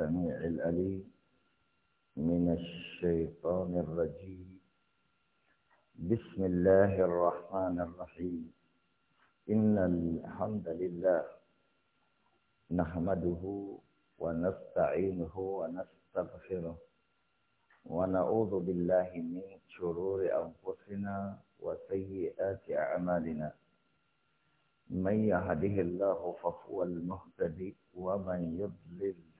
السميع الأليم من الشيطان الرجيم بسم الله الرحمن الرحيم إن الحمد لله نحمده ونستعينه ونستغفره ونعوذ بالله من شرور أنفسنا وسيئات أعمالنا من يهده الله فهو المهتدي ومن يضلل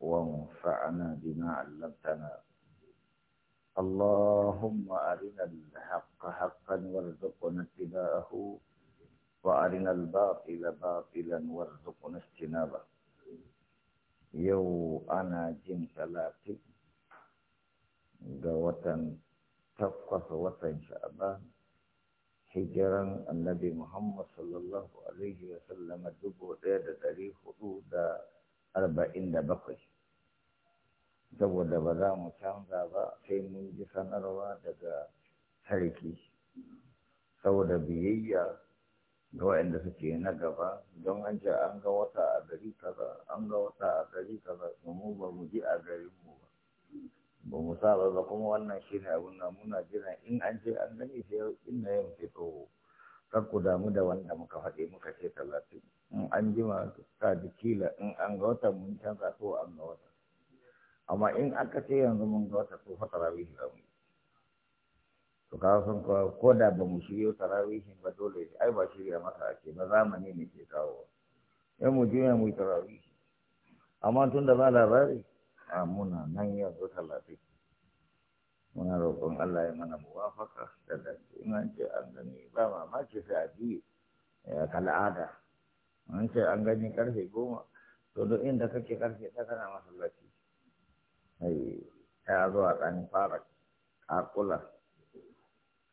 وانفعنا بما علمتنا اللهم أرنا الحق حقا وارزقنا اتباعه وأرنا الباطل باطلا وارزقنا اجتنابه يو أنا جن ثلاثي قوة تفقص وطن شعبان hijiran annabi Muhammad sallallahu Alaihi wasallam dubu ɗaya da ɗari hudu da arba'in saboda ba za mu canza ba sai mun ji sanarwa daga sarki saboda biyayya ga waɗanda suke na gaba don an ce an ga wata a gari kaza an ga wata a gari kaza mu ba mu ji a garin mu ba ba mu saba ba kuma wannan shi ne abin muna jira in an ce an gani sai yau in na yau sai to kar ku damu da wanda muka faɗi muka ce talatin in an jima da jikila in an ga wata mun canza to an ga wata amma in aka ce yanzu mun ga wata tsofa tarawihi ba mu to kawo sun ko da ba mu shirya tarawihi ba dole ai ba shirya masa ake ba zamani ne ke kawo yan mu juya mu yi tarawihi amma tun da ba labari a muna nan yanzu talatin muna roƙon Allah ya mana muwafaka da dace in an ce an gani ba mamaki sai a biyu kal'ada an ce an gani karfe goma to duk inda kake karfe ta kana masallaci ya zo a ɗan fara ƙaƙula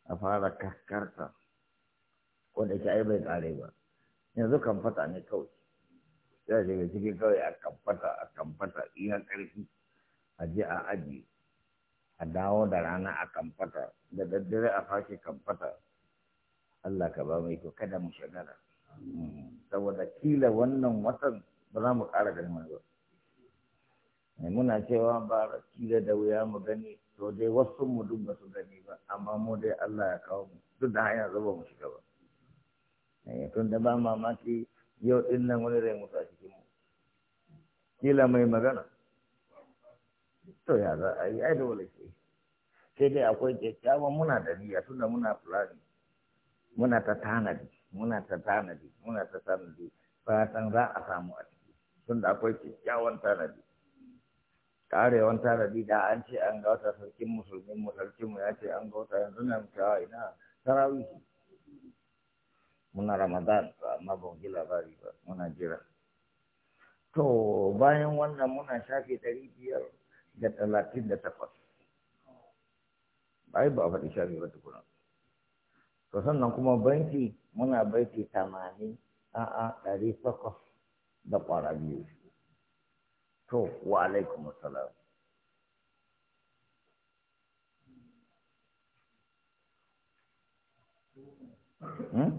a fara kaskarta ko da ke bai tsare ba yanzu kamfata ne kawai ya shiga ciki kawai a kamfata a kamfata iya ƙarfi a je a aji a dawo da rana a kamfata da daddare a fashe kamfata Allah ka ba mai kada mu shagara mm. saboda kila wannan watan ba za mu ƙara ganin ba Eh, muna cewa ba kila da wuya mu gani to dai wasu mu duk ba su gani ba amma mu dai Allah ya kawo mu duk da hanya zuba mu shiga ba eh, tun da ba mamaki yau din nan wani rai mutu a cikin mu kila mai magana to ya za a yi ai dole ce sai dai akwai kyakkyawan muna da niyya tunda muna fulani muna ta tanadi muna ta tanadi muna ta tanadi fatan za a samu a ciki tunda akwai kyakkyawan tanadi karewan tarabi da an ce an ga wata sarkin musulmin mu mu ya ce an ga wata yanzu na mutawa ina tarawihi muna ramadan amma ban ji labari ba muna jira to bayan wannan muna shafe ɗari biyar da talatin da takwas ai ba a faɗi shafe ba tukuna to sannan kuma banki muna baiti tamanin a'a ɗari takwas da ƙwara biyu to wa alaikum assalam hmm?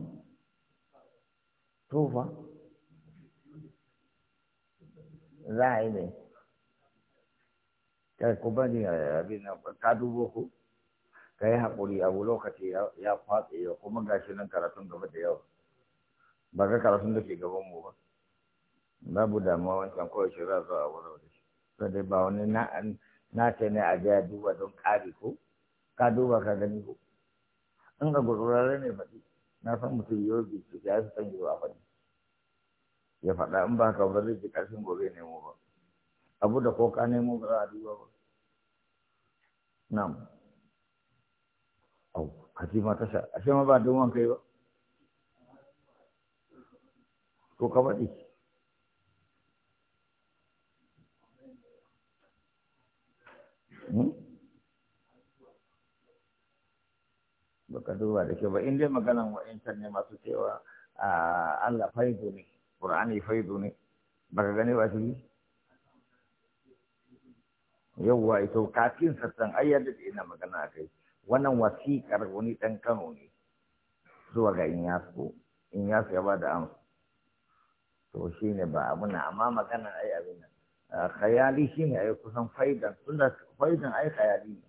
to fa za a yi ne kai ku bani eh, abin ka dubo ku ka yi haƙuri abu lokaci ya kwatse ya kuma gashi nan karatun gaba da yau. ba ga karatun da ke gaban mu ba babu damuwa wancan kawai shi za a wurin da shi to dai ba wani na ce ne a je a duba don ƙari ko ka duba ka gani ko in ga gururare ne faɗi na san mutum yau bi su ya su san yau a faɗi ya faɗa in ba ka ba zai ji ƙarfin gobe ne mu ba abu da ko ka nemo ba za a duba ba na'am au kaji ma tasha ashe ma ba don kai ba ko ka faɗi Hmm? baka duba da ke ba in dai maganan wa'incan ne masu cewa ah, Allah faidu ne ƙur'ani faidu ne baka gane ba shi yi yawwa ito kafin sassan ayyar da ina magana a kai wannan wasiƙar wani ɗan kano ne zuwa ga in in yasu ya ba da amsa to shine ba abu amma maganan ayyar abin nan khayali shi ne ai kusan faidan tunda faidan ai khayali ne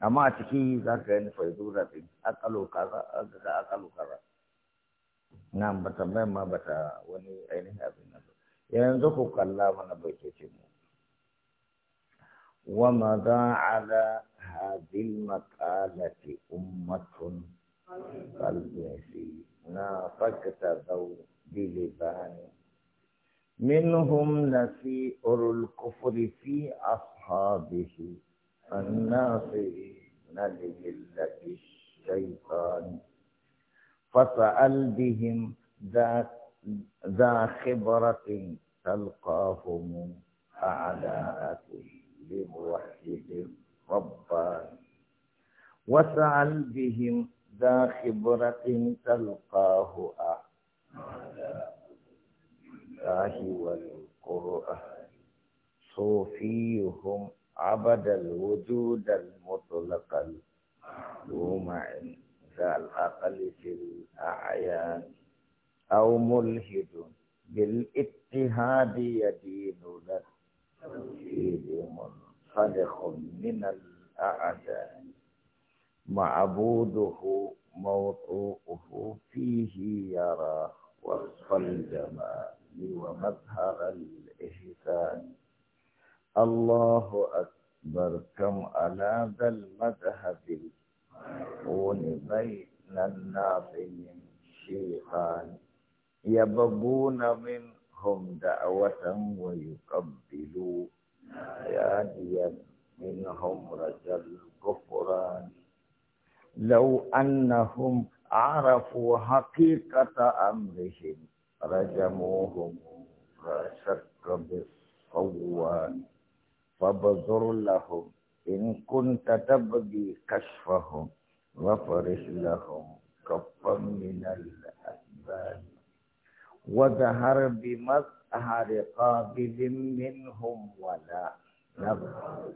amma a ciki za ka gani faidura ɗin akalo kaza ga akalo kaza ba ma ba ta wani ainihin abin nan ba yanzu ku kalla mana bai ce mu ومضى على هذه المقالة أمة قلب نافقت ذو بلبان منهم نسيء الكفر في أصحابه الناصرين لملة الشيطان فسأل بهم ذا, ذا خبرة تلقاهم أعداء لموحد ربان وسأل بهم ذا خبرة تلقاه أعداء الله والقرآن صوفيهم عبد الوجود المطلق المعلوم عند الأقل في الأعيان أو ملحد بالاتهاد يدين لك توحيد منخلق من الأعداء معبوده موطوءه فيه يرى وصف الجمال ومظهر الإحسان الله أكبر كم على ذا المذهب كون بين الناس من شيطان يبغون منهم دعوة ويقبلوا ياديا منهم رجا الغفران لو أنهم عرفوا حقيقة أمرهم رجموهم فشك بالصوان فابذر لهم إن كنت تبغي كشفهم وفرش لهم كفا من الأسباب وظهر بمظهر قابل منهم ولا نظهر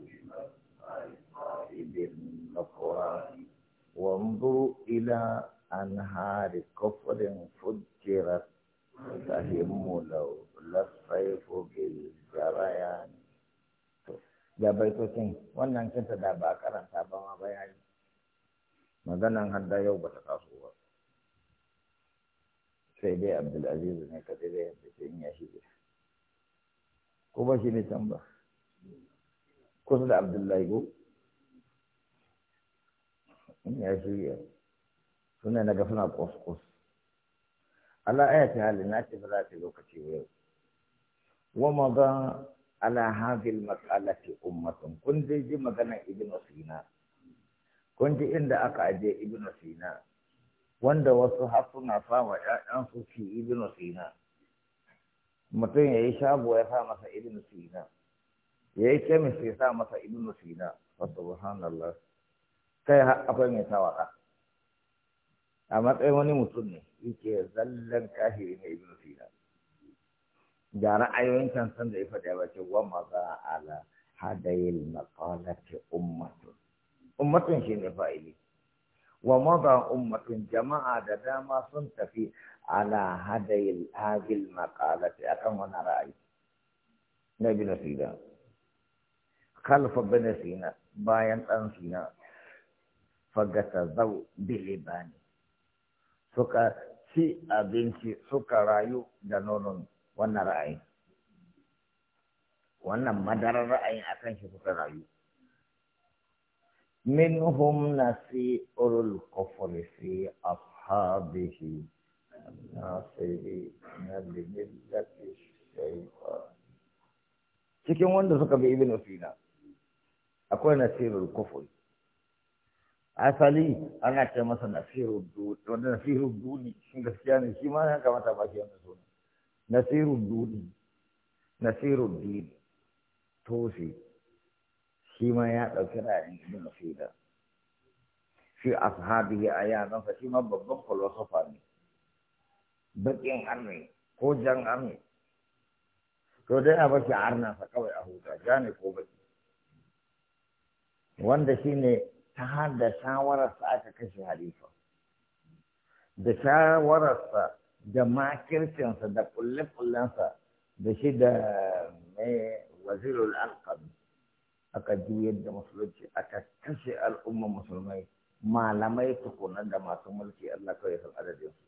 وانظروا إلى أنهار كفر فجرت تهم لو للصيف bai ga baitocin wannan kinta da ba karanta ba ma bayani maganan hadda yau ba ta taso ba sai dai Abdul abdulaziz ne ka dai da sai in ya shige ko ba shi ne can ba kusa da abdullahi go in ya shige suna na ga suna kos ala ayati hali na ce ba za ta lokaci ba yau wa maga ala hadhihi mas'alati ummatun kun dai ji maganar ibn sina kun ji inda aka aje ibn sina wanda wasu har suna sa wa ƴaƴansu shi ibn sina mutum ya yi shago ya sa masa ibn sina ya yi kemis ya sa masa ibn sina wa subhanallah kai akwai mai sa waɗa a matsayin wani mutum ne yake zallan kahiri na ibn sina da ra'ayoyin can da ya faɗa ba ce wa maza ala hadayil maqalati ummatun ummatun shine fa'ili wa maza ummatun jama'a da dama sun tafi ala hadayil hadil maqalati akan wani ra'ayi na ibn sina خلف sina bayan باين sina fagata zau bilibani suka ci abinci suka rayu da nonon wannan ra'ayin wannan madarar ra'ayin a kan shi suka rayu منهم نسيء الكفر في أصحابه الناصرين لملة الشيطان cikin wanda suka bi ibn Sina akwai nasirul kufur asali an ce masa Nasiru duni wanda nasirun duni shi gaskiya ne shi ma ya kamata ba shi yanzu suna nasirun duni Nasiru dini tosi shi ma ya ɗauki ra'ayin ibn nasira shi ashabihi a yanansa shi ma babban falsafa ne baƙin arni ko jan arni to dai a bashi arnansa kawai a huta ja ne ko baki wanda shi ne ta har da shawararsa aka kashe halifa da shawararsa da makircinsa da kulle-kullensa da shi da mai wazirul alkan aka juyar da musulunci aka kashe al'umma musulmai malamai tukuna da masu mulki Allah kawai san adadin su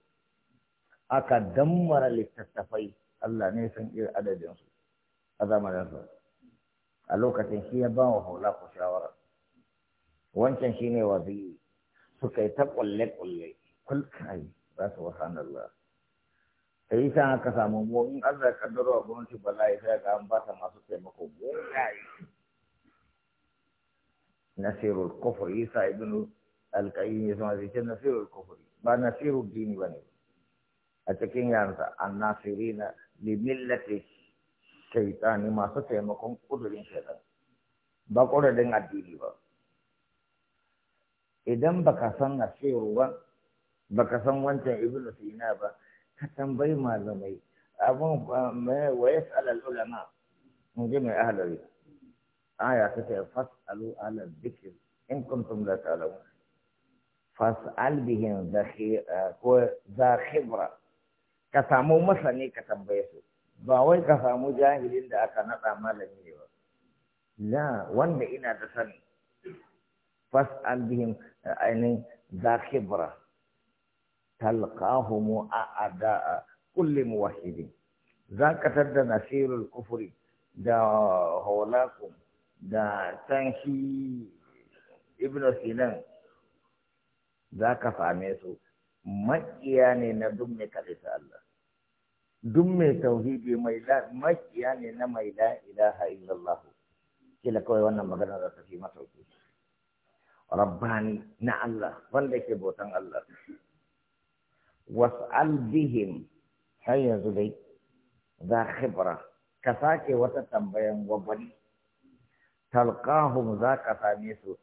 aka dammara littattafai Allah ne san irin adadin su a zamanin su a lokacin shi ya ba wa hula ku shawara wancan shi ne wazi suka yi ta kulle-kulle kulkai ba su wasa na Allah. Ta yi sa aka samun mu in Kaddara wa kaddaro a gwamnati ba za'a yi sai ga an ba ta masu taimako kulkai. Nasirul kufuri Isa ibn alƙayyin ya zama zai ce nasirul kufuri ba nasirul dini ba ne. A cikin yanzu an nasiri na limillate ne masu taimakon kudurin shaitan. Ba kudurin addini ba. idan baka san asiru ba baka san wancan ibn sina ba ka tambayi malamai abun wa yas'al al ulama mun ji mai ahlari aya ta ce fas'alu ala dhikr in kuntum la ta'lamun fas'al bihim ko za khibra ka samu masani ka tambaye su ba wai ka samu jahilin da aka nada malami ne ba la wanda ina da sani fas'al bihim ainihin zakibra talqahumu a ada kulli muwahhidi zaka tadda nasirul kufuri da holaku da tanshi ibn sinan ka same su makiya ne na duk mai kalisa Allah mai tauhidi mai la makiya ne na mai la ilaha illallah kila kawai wannan magana za ta fi mata rabbani na Allah wanda ke bautan Allah was'al bihim har yanzu dai za khibra ka sake wata tambayan gwabani talqahum za ka same su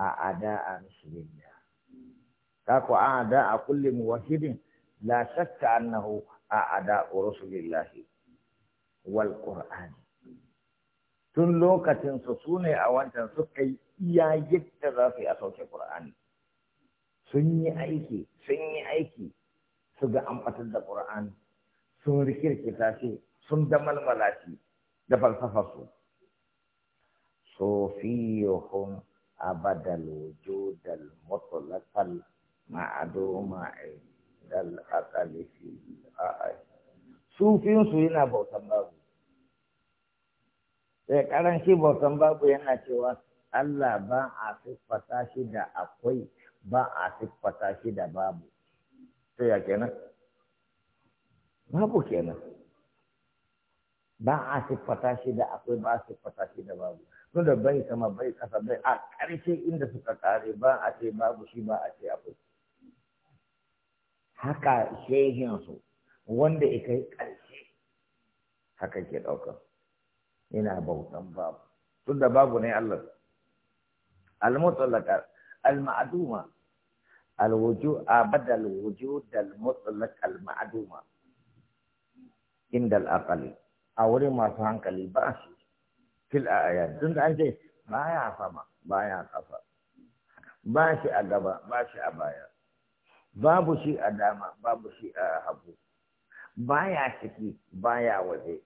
a ada'a musulmiya ka ku a ada'a kulli muwahhidin la shakka annahu a ada'u rasulillahi wal qur'ani tun lokacin su sune a wancan suka yi iya yadda za su yi a sauke Qur'ani sun yi aiki sun yi aiki su ga ambatar da Qur'ani sun rikirkita ce, sun damalmala shi da falsafar su sufiyuhum abadal wujudal mutlaqal ma'aduma dal aqali fi sufiyun su yana bautan babu sai karanci bautan babu yana cewa Allah ba a siffata shi da akwai ba a siffata shi da babu sai ya kenan babu kenan ba a siffata shi da akwai ba a siffata shi da babu da bai sama bai kasa bai a ƙarshe inda suka kare ba a ce babu shi ba a ce akwai haka shehinsu wanda ya kai ƙarshe haka ke ɗauka, ina bautan babu da babu ne Allah المطلقة المعدومة الوجود أبدا الوجود المطلق المعدومة عند الأقل أولي ما فهمك ya في الآيات دون أنت ما يعصم ما يعصم باشي أقبا باشي أبايا babu shi a dama babu shi a hagu baya ciki baya waje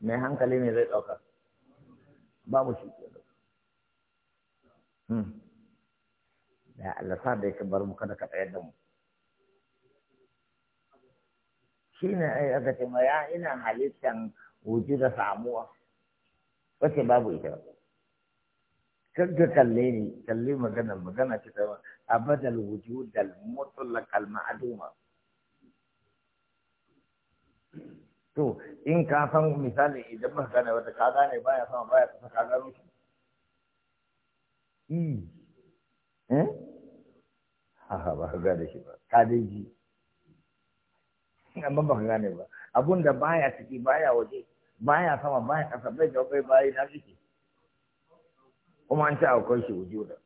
mai hankali ne zai ɗauka babu shi da hmm. Allah sa da yake bar mu kada ka tsayar da mu shine ai aka ce ma ya ina halittan da samuwa wace babu ita kaga kalle ni kalle magana magana ce ta abadal wujud al mutlaq al ma'duma to in ka san misali idan ba gane wata ka gane baya sama baya kasa ka gano shi i hmm. eh ba ka gane shi ba ka dai ji amma ba ka gane ba abun da baya ciki baya waje baya sama baya kasa bai ga bai bayi na ciki kuma an ci akwai shi wujuda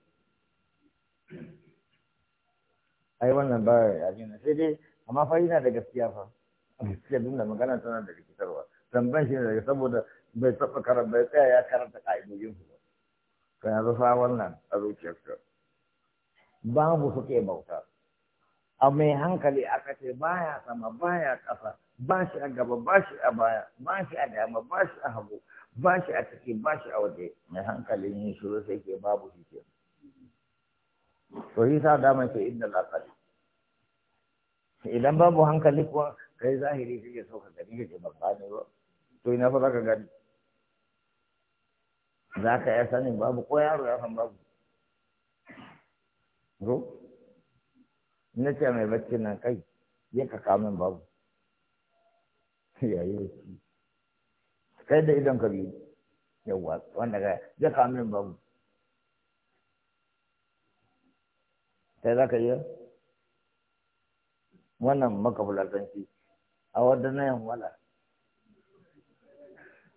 ai wannan ba abin sai dai amma fa yana da gaskiya fa gaskiya duk da magana tana da rikitarwa tambayar shi ne daga saboda bai taɓa karanta bai tsaya ya karanta ka'idojin su ka yanzu sa wannan a zuciyarka babu suke bauta a mai hankali aka ce baya sama baya kasa ba shi a gaba ba shi a baya ba shi a dama ba shi a hagu ba shi a ciki ba shi a waje mai hankalin yin sai ke babu shi ke to yi sa dama ce inda lakari idan babu hankali kuwa kai zahiri kake so ka gani kake babba ne ba to ina fa za ka gani za ka ya sanin babu ko yaro ya san babu ro na ce mai bacci nan kai ya ka kama min babu yayi bacci kai da idan ka biyu yawwa wanda ka ya kama min babu sai za ka yi wannan maka fulatanci a wadda na yan wala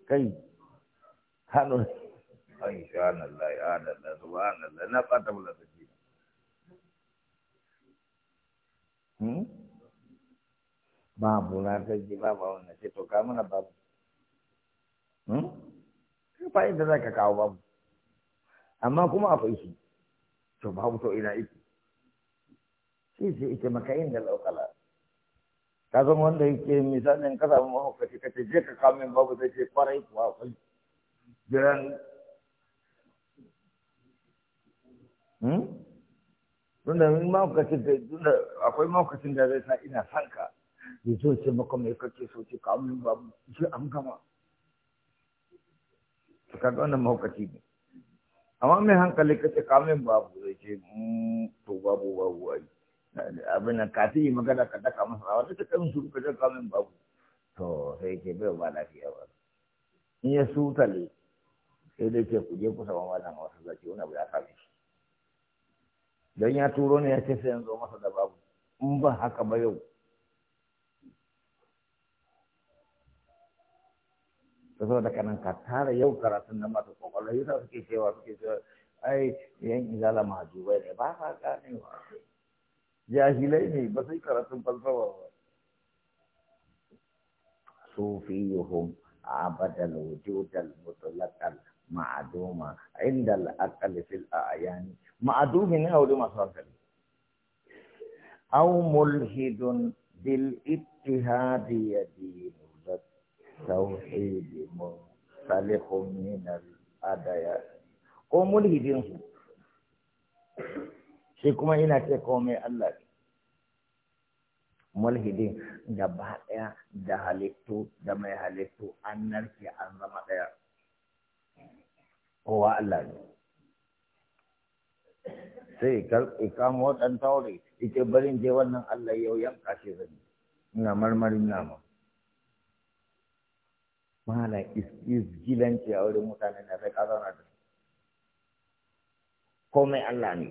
kai hannun ai shanallah na hmm? na ta ji to ka mana hmm? fa inda kawo amma kuma akwai shi to to ina iki shi ita maka inda laukala ka zama wanda yake misalin kasa mahaukaci ka ce je ka kawo min babu zai ce kwarai Hmm? tunda min mahaukacin da tunda akwai mahaukacin da zai sa ina son ka ya zo ce maka mai kake so ce ka mun ba mu shi an gama to kaga wannan mahaukaci ne amma mai hankali kace ka ba mu zai ce hmm, to babu babu ai abin nan kafin yi magana ka daka masa wata ta kan su ka daka ba mu. to sai ke bai ba lafiya ba in ya sutale sai dai ce ku je ku sama malam wasu zaki wani abu ya kame shi don ya turo ne ya ce sai yanzu masa da babu in ba haka ba yau ta zo da kanan ka tara yau karatun na masu kwakwalwa yasa suke cewa suke cewa ai yan izala mahajubai ne ba sa ganewa jahilai ne ba sai karatun falsafa ba صوفيهم عبد الوجود المطلق المعدوم عند aqal fil الأعيان ma'adubi ne a wuri masu hankali aw mulhidun bil ittihadi ya dinu da tauhidi mun salihun minar adaya ko mulhidin su shi kuma ina ce komai Allah ne da ba ɗaya da halittu da mai halittu an narke an zama ɗaya kowa Allah ne sai ya kamo ɗan taure ita barin je wannan Allah yau yanka kashe zan ina marmarin nama mala isgilanci a wurin mutane na sai ka zauna da komai Allah ne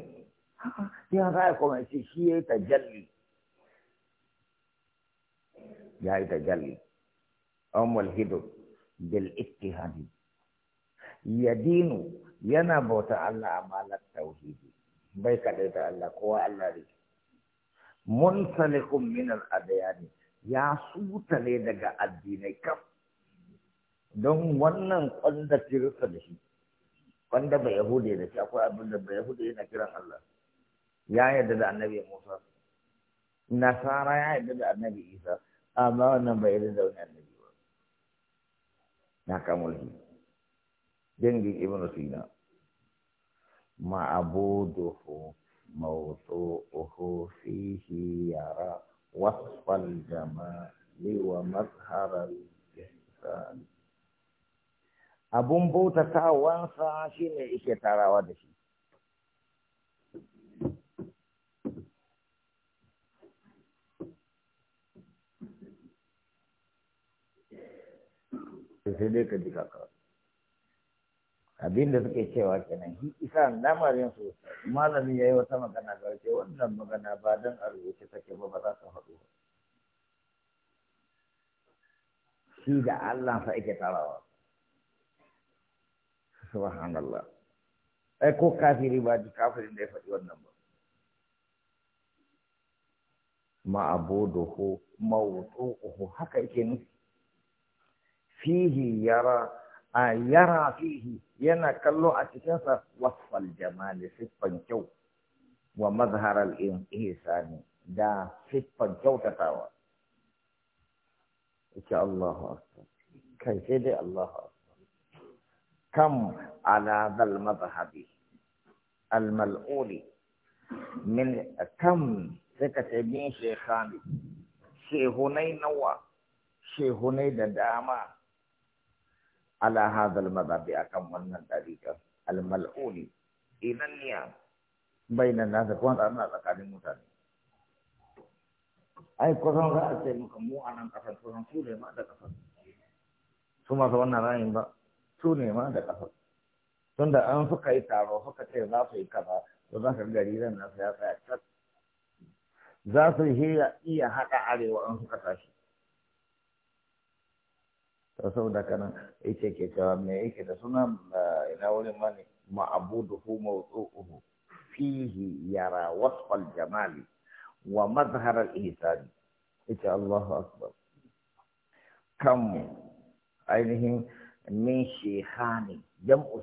ya za a komai shi shi ya yi ta jalli. ya yi tajalli amwal hidu bil ittihadi ya dinu yana bauta Allah a malar tauhidi bai kaɗai da Allah kowa Allah ne sani kun minar adayani ya sutale daga addinai kaf don wannan kwanda kirista da shi kwanda bai yahude da shi akwai abin da bai yahude yana kiran Allah ya yarda da annabi Musa nasara ya yarda da annabi Isa amma wannan bai yarda da wani annabi ba na shi. dangin Ibn sina ma'abuduhu mawdu'uhu fihi yara wasfal jamali wa mazharal ihsan abun bauta shine ike tarawa da shi da suke cewa kenan shi isa lamarin su malami ya yi wata magana ga wannan magana ba don a rubuce take ba ba za ta faɗo shi da Allah sa ake tarawa subhanallah ai ko kafiri ba ji kafirin da ya faɗi wannan ba Ma ma'abuduhu mawdu'uhu haka yake nufi fihi yara a yara fihi yana kallo a cikinsa wasfal jamali siffan kyau wa mazharar ihsani da siffan kyautatawa yake Allahu akbar kai sai dai Allahu kam ala dal mazhabi al mal'uli min kam sai ce min shekhani shehunai nawa shehunai da dama ala hadzal madhabi akan wannan dariƙa al-mal'uni idan niya bainan nasa kuma na tsakanin mutane ai ko san ga ce muka mu anan nan ƙasar san su ne ma da ƙasar su masu wannan rayin ba su ne ma da ƙasar Tunda da ah, an suka yi taro suka ce za su yi kaza to za ka gari ran nasu ya tsaya za su iya haɗa arewa an ah, suka tashi to saboda kanan yace ke cewa me yake da suna eh, ina wurin mani ma'abuduhu mawdu'uhu fihi yara wasfal jamali wa mazhar al-ihsan ita Allahu akbar kam ainihin min shehani jam'u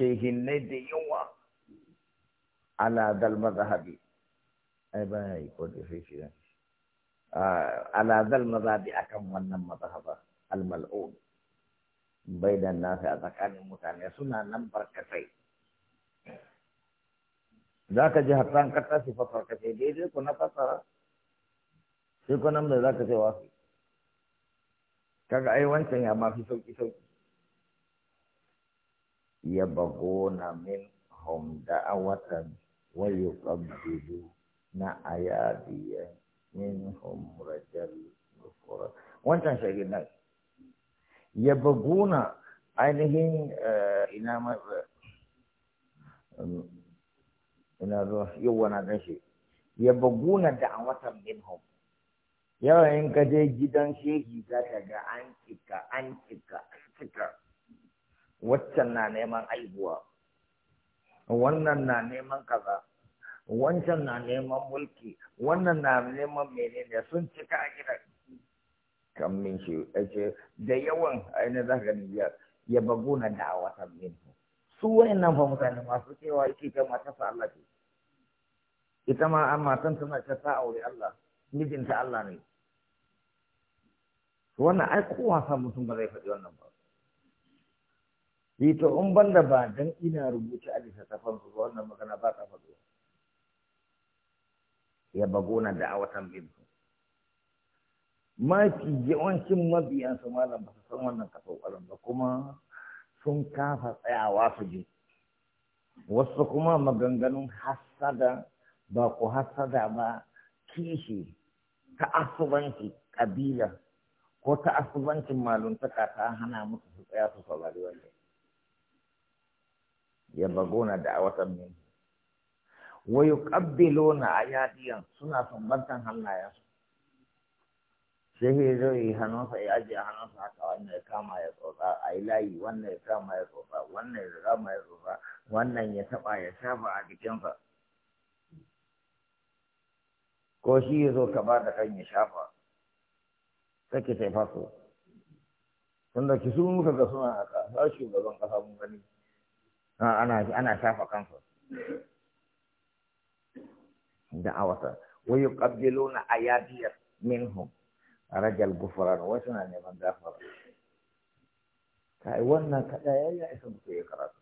shehin ne da yawa ala dal mazhabi ai ba yi ko da shi ala zal mazabi akan wannan mazhaba al-mal'un bai da nasi a tsakanin mutane suna nan barkatai za ka ji hatsan ka tashi fasar ka ce daidai ku na fasa. sai ku nan da za ka ce wasu kaga ai wancan ya ma fi sauki sauki ya bagona min hom hum da'awatan wa yuqabbidu na ayadiyan منهم رجل wancan ya baguna ainihin eh, eh, ina zuwa yau shi ya baguna da a watan minhum yawan in gidan shehi za ga an cika an na neman aibuwa wannan na neman kaza wancan na neman mulki wannan na neman menene sun cika a gida. kan min shi ce da yawan aina za ka gani ya baguna da watan min su wani nan fa mutane masu cewa yake kai mata sa Allah ce ita ma an matan tana ta sa aure Allah mijinta Allah ne wannan ai kowa san mutum ba zai faɗi wannan ba yi to in banda ba dan ina rubuta a littattafan su wannan magana ba ta faɗuwa ya bagona da'awatan minhu mafi yawancin mabiyan su malam ba su san wannan kafafaran ba kuma sun kafa tsayawa su ji. wasu kuma maganganun hassada ba ku hassada ba kishi ta asubanci kabila ko ta asubancin maluntaka ta hana musu su tsaya su saurari wannan ya bagona da'awatan minhu na yuqabbiluna ayatiyan suna sumbantan su. sai ya zo yi hannunsa ya ajiye hannunsa haka wannan ya kama ya tsotsa a yi layi wannan ya kama ya tsotsa wannan ya kama ya tsotsa wannan ya taɓa ya shafa a jikinsa ko shi ya zo ka ba da kan ya shafa sake ta faso tunda ki sun muka ga suna haka za shugaban ƙasa mun gani ana shafa kansa da'awata wa yuqabbiluna ayadiya minhum rajal gufran wa suna neman gafara kai wannan kada ya isa mutum ya karatu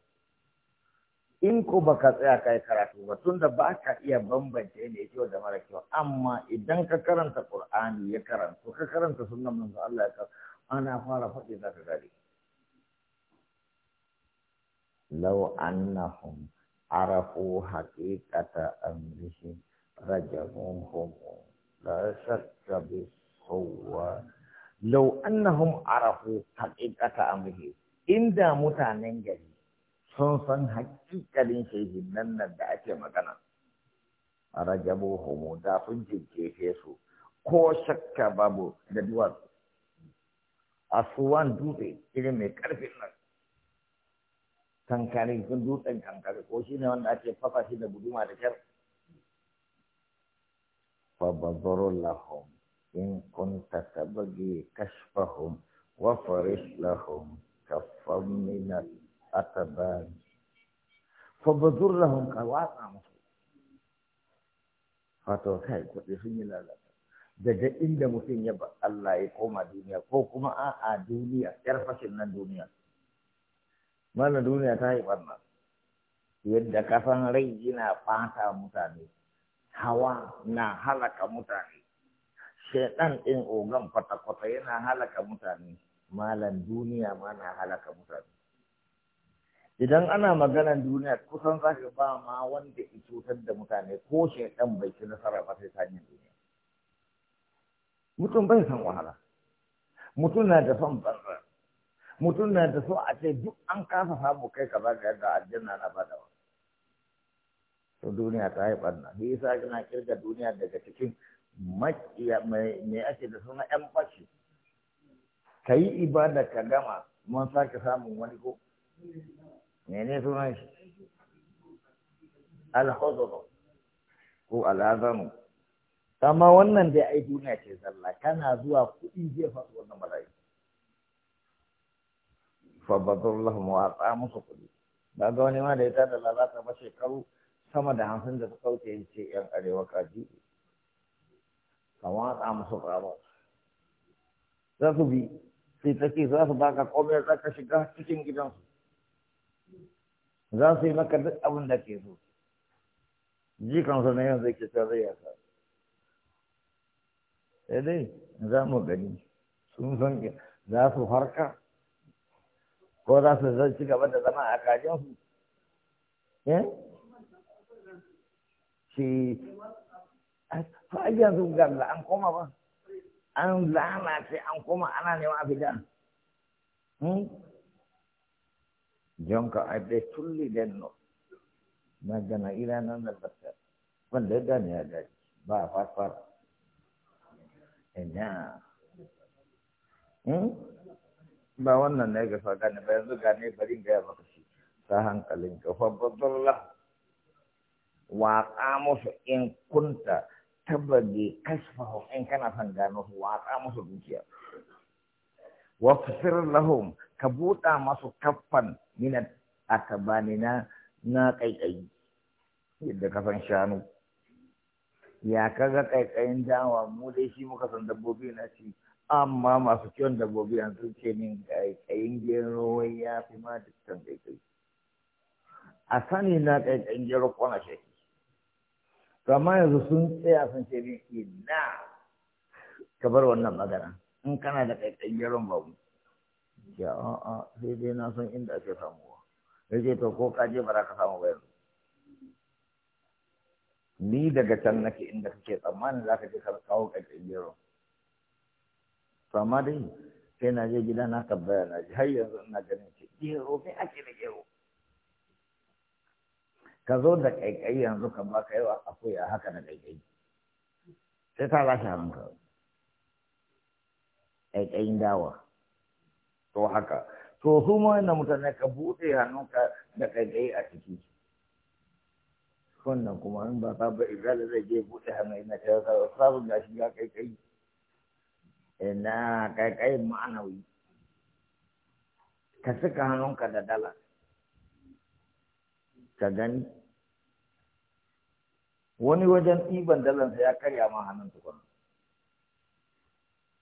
in ko baka tsaya kai karatu ba tunda ba ka iya bambance ne kyau da mara kyau amma idan ka karanta qur'ani ya karanta ka karanta sunnan manzo Allah ya karanta, ana fara faɗi za ka gari law annahum arafu haqiqata amrihim رجموهم لا شك بالصواب لو أنهم عرفوا حقيقة أمره إن دا متعنين جديد صنصن da ake magana. ندعك مكانا رجموهم دا سنجد كيفيسو ko shakka babu da duwatsu asuwan dutse irin mai karfin nan kankare sun dutsen kankare ko shine wanda ake fasa shi da guduma da kyar فبضر لهم إن كنت تبغي كشفهم وفرش لهم كفا من الأتبان فبضر لهم كواقع فاتو كاي كنت سنجي lalata. daga inda mutum ya ba Allah ya koma duniya ko kuma a a duniya yar fashin nan duniya mana duniya ta yi wannan. yadda kasan rai yana fata mutane hawa na halaka mutane shaidan ɗin ogan kwata-kwata yana halaka mutane malan duniya ma na halaka mutane idan ana maganar duniya kusan za ka ba ma wanda ya cutar da mutane ko shaidan bai ci nasara ba sai ta duniya mutum bai san wahala mutum na da son banza mutum na da so a ce duk an kasa samu kai kaza ga yadda aljanna na wa to duniya ta yi ɓarna shi yasa ina kirga duniya daga cikin maciya mai ake da suna yan fashi ka yi ibada ka gama mun sake samun wani ko mene suna shi alhuzuru ko al'azamu amma wannan dai ai duniya ce zalla kana zuwa kuɗi zai fasu wannan mala'i fa badallahu wa musu kuɗi ba ga wani ma da ya tada lalata ba shekaru sama da hamsin da suka wuce yin ce ‘yan arewa kaji ka watsa musu ƙarar za su bi sai ta ce za su baka komai za ka shiga cikin gidansu za su yi maka duk abin da ke so jikansu na yanzu ke ta zai yasa sai dai za mu gani sun san za su harka ko za su ci gaba da zama a kajinsu eh? shi har yanzu ganga an koma ba an lalace an koma ana neman a fita jonka a ɗai tulli den no na gana ira nan da bata wanda ya gane ya dace ba a farfar ina ba wannan ne ga fa ba yanzu gane bari ga ya baka shi ta hankalin ka fa babbar Waƙa musu in kunta tabbage kasfahu in kana son gano su waƙa musu dukiya wa fasir lahum ka buɗa masu kaffan minat akabani na na ƙaiƙayi yadda ka san shanu ya kaga ƙaiƙayin dawa mu dai shi muka san dabbobi na ci amma masu kiwon dabbobi an sun ce min ƙaiƙayin gero wai ya fi ma dukkan ƙaiƙayi a sani na ƙaiƙayin gero kwana shi to amma yanzu sun tsaya sun ce min ina ka bar wannan magana in kana da ƙaiƙayyarun babu ya a sai dai na san inda ake samuwa ya ce to ko ka je ba za ka samu ba yanzu ni daga can nake inda kake tsammanin za ka je ka kawo ƙaiƙayyarun to amma dai sai na je gida na tabbaya na ji har yanzu ina ganin ce gero me ake da gero ka zo da kaikayi yanzu kan ba ka yi wa a haka na kaikayi. sai ta lashe hannunka kaikayin dawa to haka to su ma wannan mutane ka buɗe hannunka da kaikayi a ciki wannan kuma in ba ka ba izali zai je buɗe hannu ina ta sabon shi ya kaikayi? ina kaikai ma'anawi ka suka hannunka da dala ka gani wani wajen ɗiban dalansa ya karya ma hannun tukun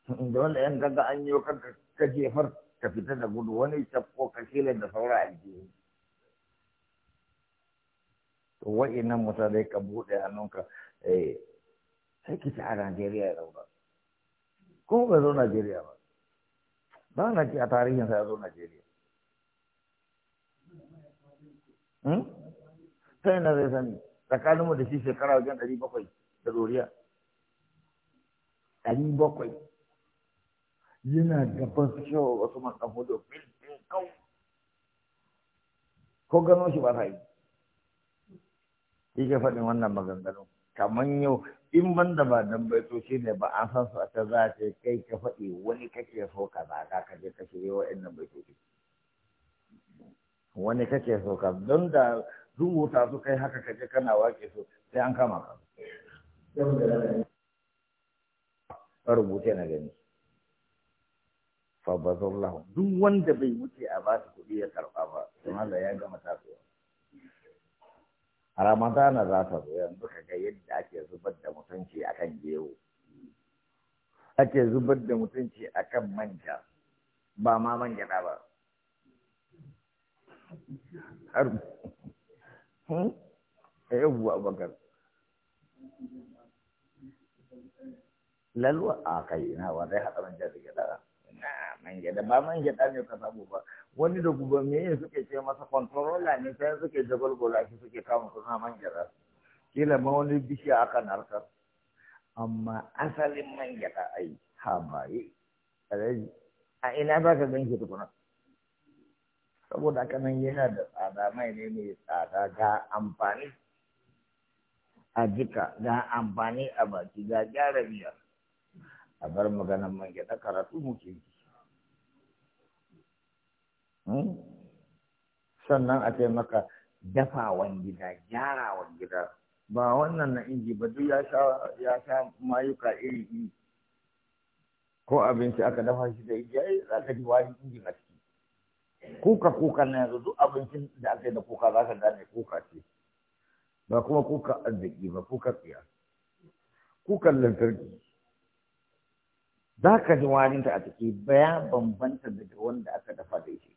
da wanda yan gaga an yi wa ka jefar ka fita da gudu wani shafko ka shirya da saura aljihu to nan wa'innan dai ka buɗe hannunka eh sai ki ci a Najeriya ya zauna ko bai zo Najeriya ba ba na ci a tarihinsa ya zo Najeriya hmm? ta yana zai sani tsakaninmu da shi shekara wajen ɗari bakwai da doriya ɗari bakwai yana gaban su shawar wasu makamu da bilbin kau ko gano shi ba ta yi yake faɗin wannan maganganu kamar yau in ban da ba dan bai shi ne ba an san su a ta za ce kai ka faɗi wani kake so ka za ka je ka shirya wa'annan baitoci wani kake so ka don da rubuta su kai haka kaje kana wake su sai an kama ka rubuce na gani fabazar duk wanda bai wuce a ba su kuɗi ya karɓa ba don Allah ya gama tasowa a ramadana za ta zo yanzu ka ga yadda ake zubar da mutunci akan gero ake zubar da mutunci akan manja ba ma manja ba Hmm? yawwa bakar lalwa a kai ina ba zai haɗa manja da gyaɗa na manja da ba manja da ne ka samu ba wani da guba me ne suke ce masa controller ne sai suke jagwalgwala shi suke kama suna manja da kila ma wani bishiya kan narkar amma asalin manja da ai ha ba yi eh, a ina za ka gan shi tukuna saboda haka nan yana da tsada mai ne mai tsada ga amfani a jika ga amfani a baki ga gyara biyar a bar maganan man gyada karatu muke yi hmm? sannan a ce maka dafawan gida gyarawan gida ba wannan na inji ba duk ya sha mayuka iri iri ko abinci aka dafa shi da inji yi, eh, za ka ji wani inji a kuka kuka na yanzu duk abincin da aka yi da kuka za ka gane kuka ce ba kuma kuka arziki ba kuka tsiya kukan lantarki za ka ji warinta a ciki baya bambanta daga wanda aka dafa da shi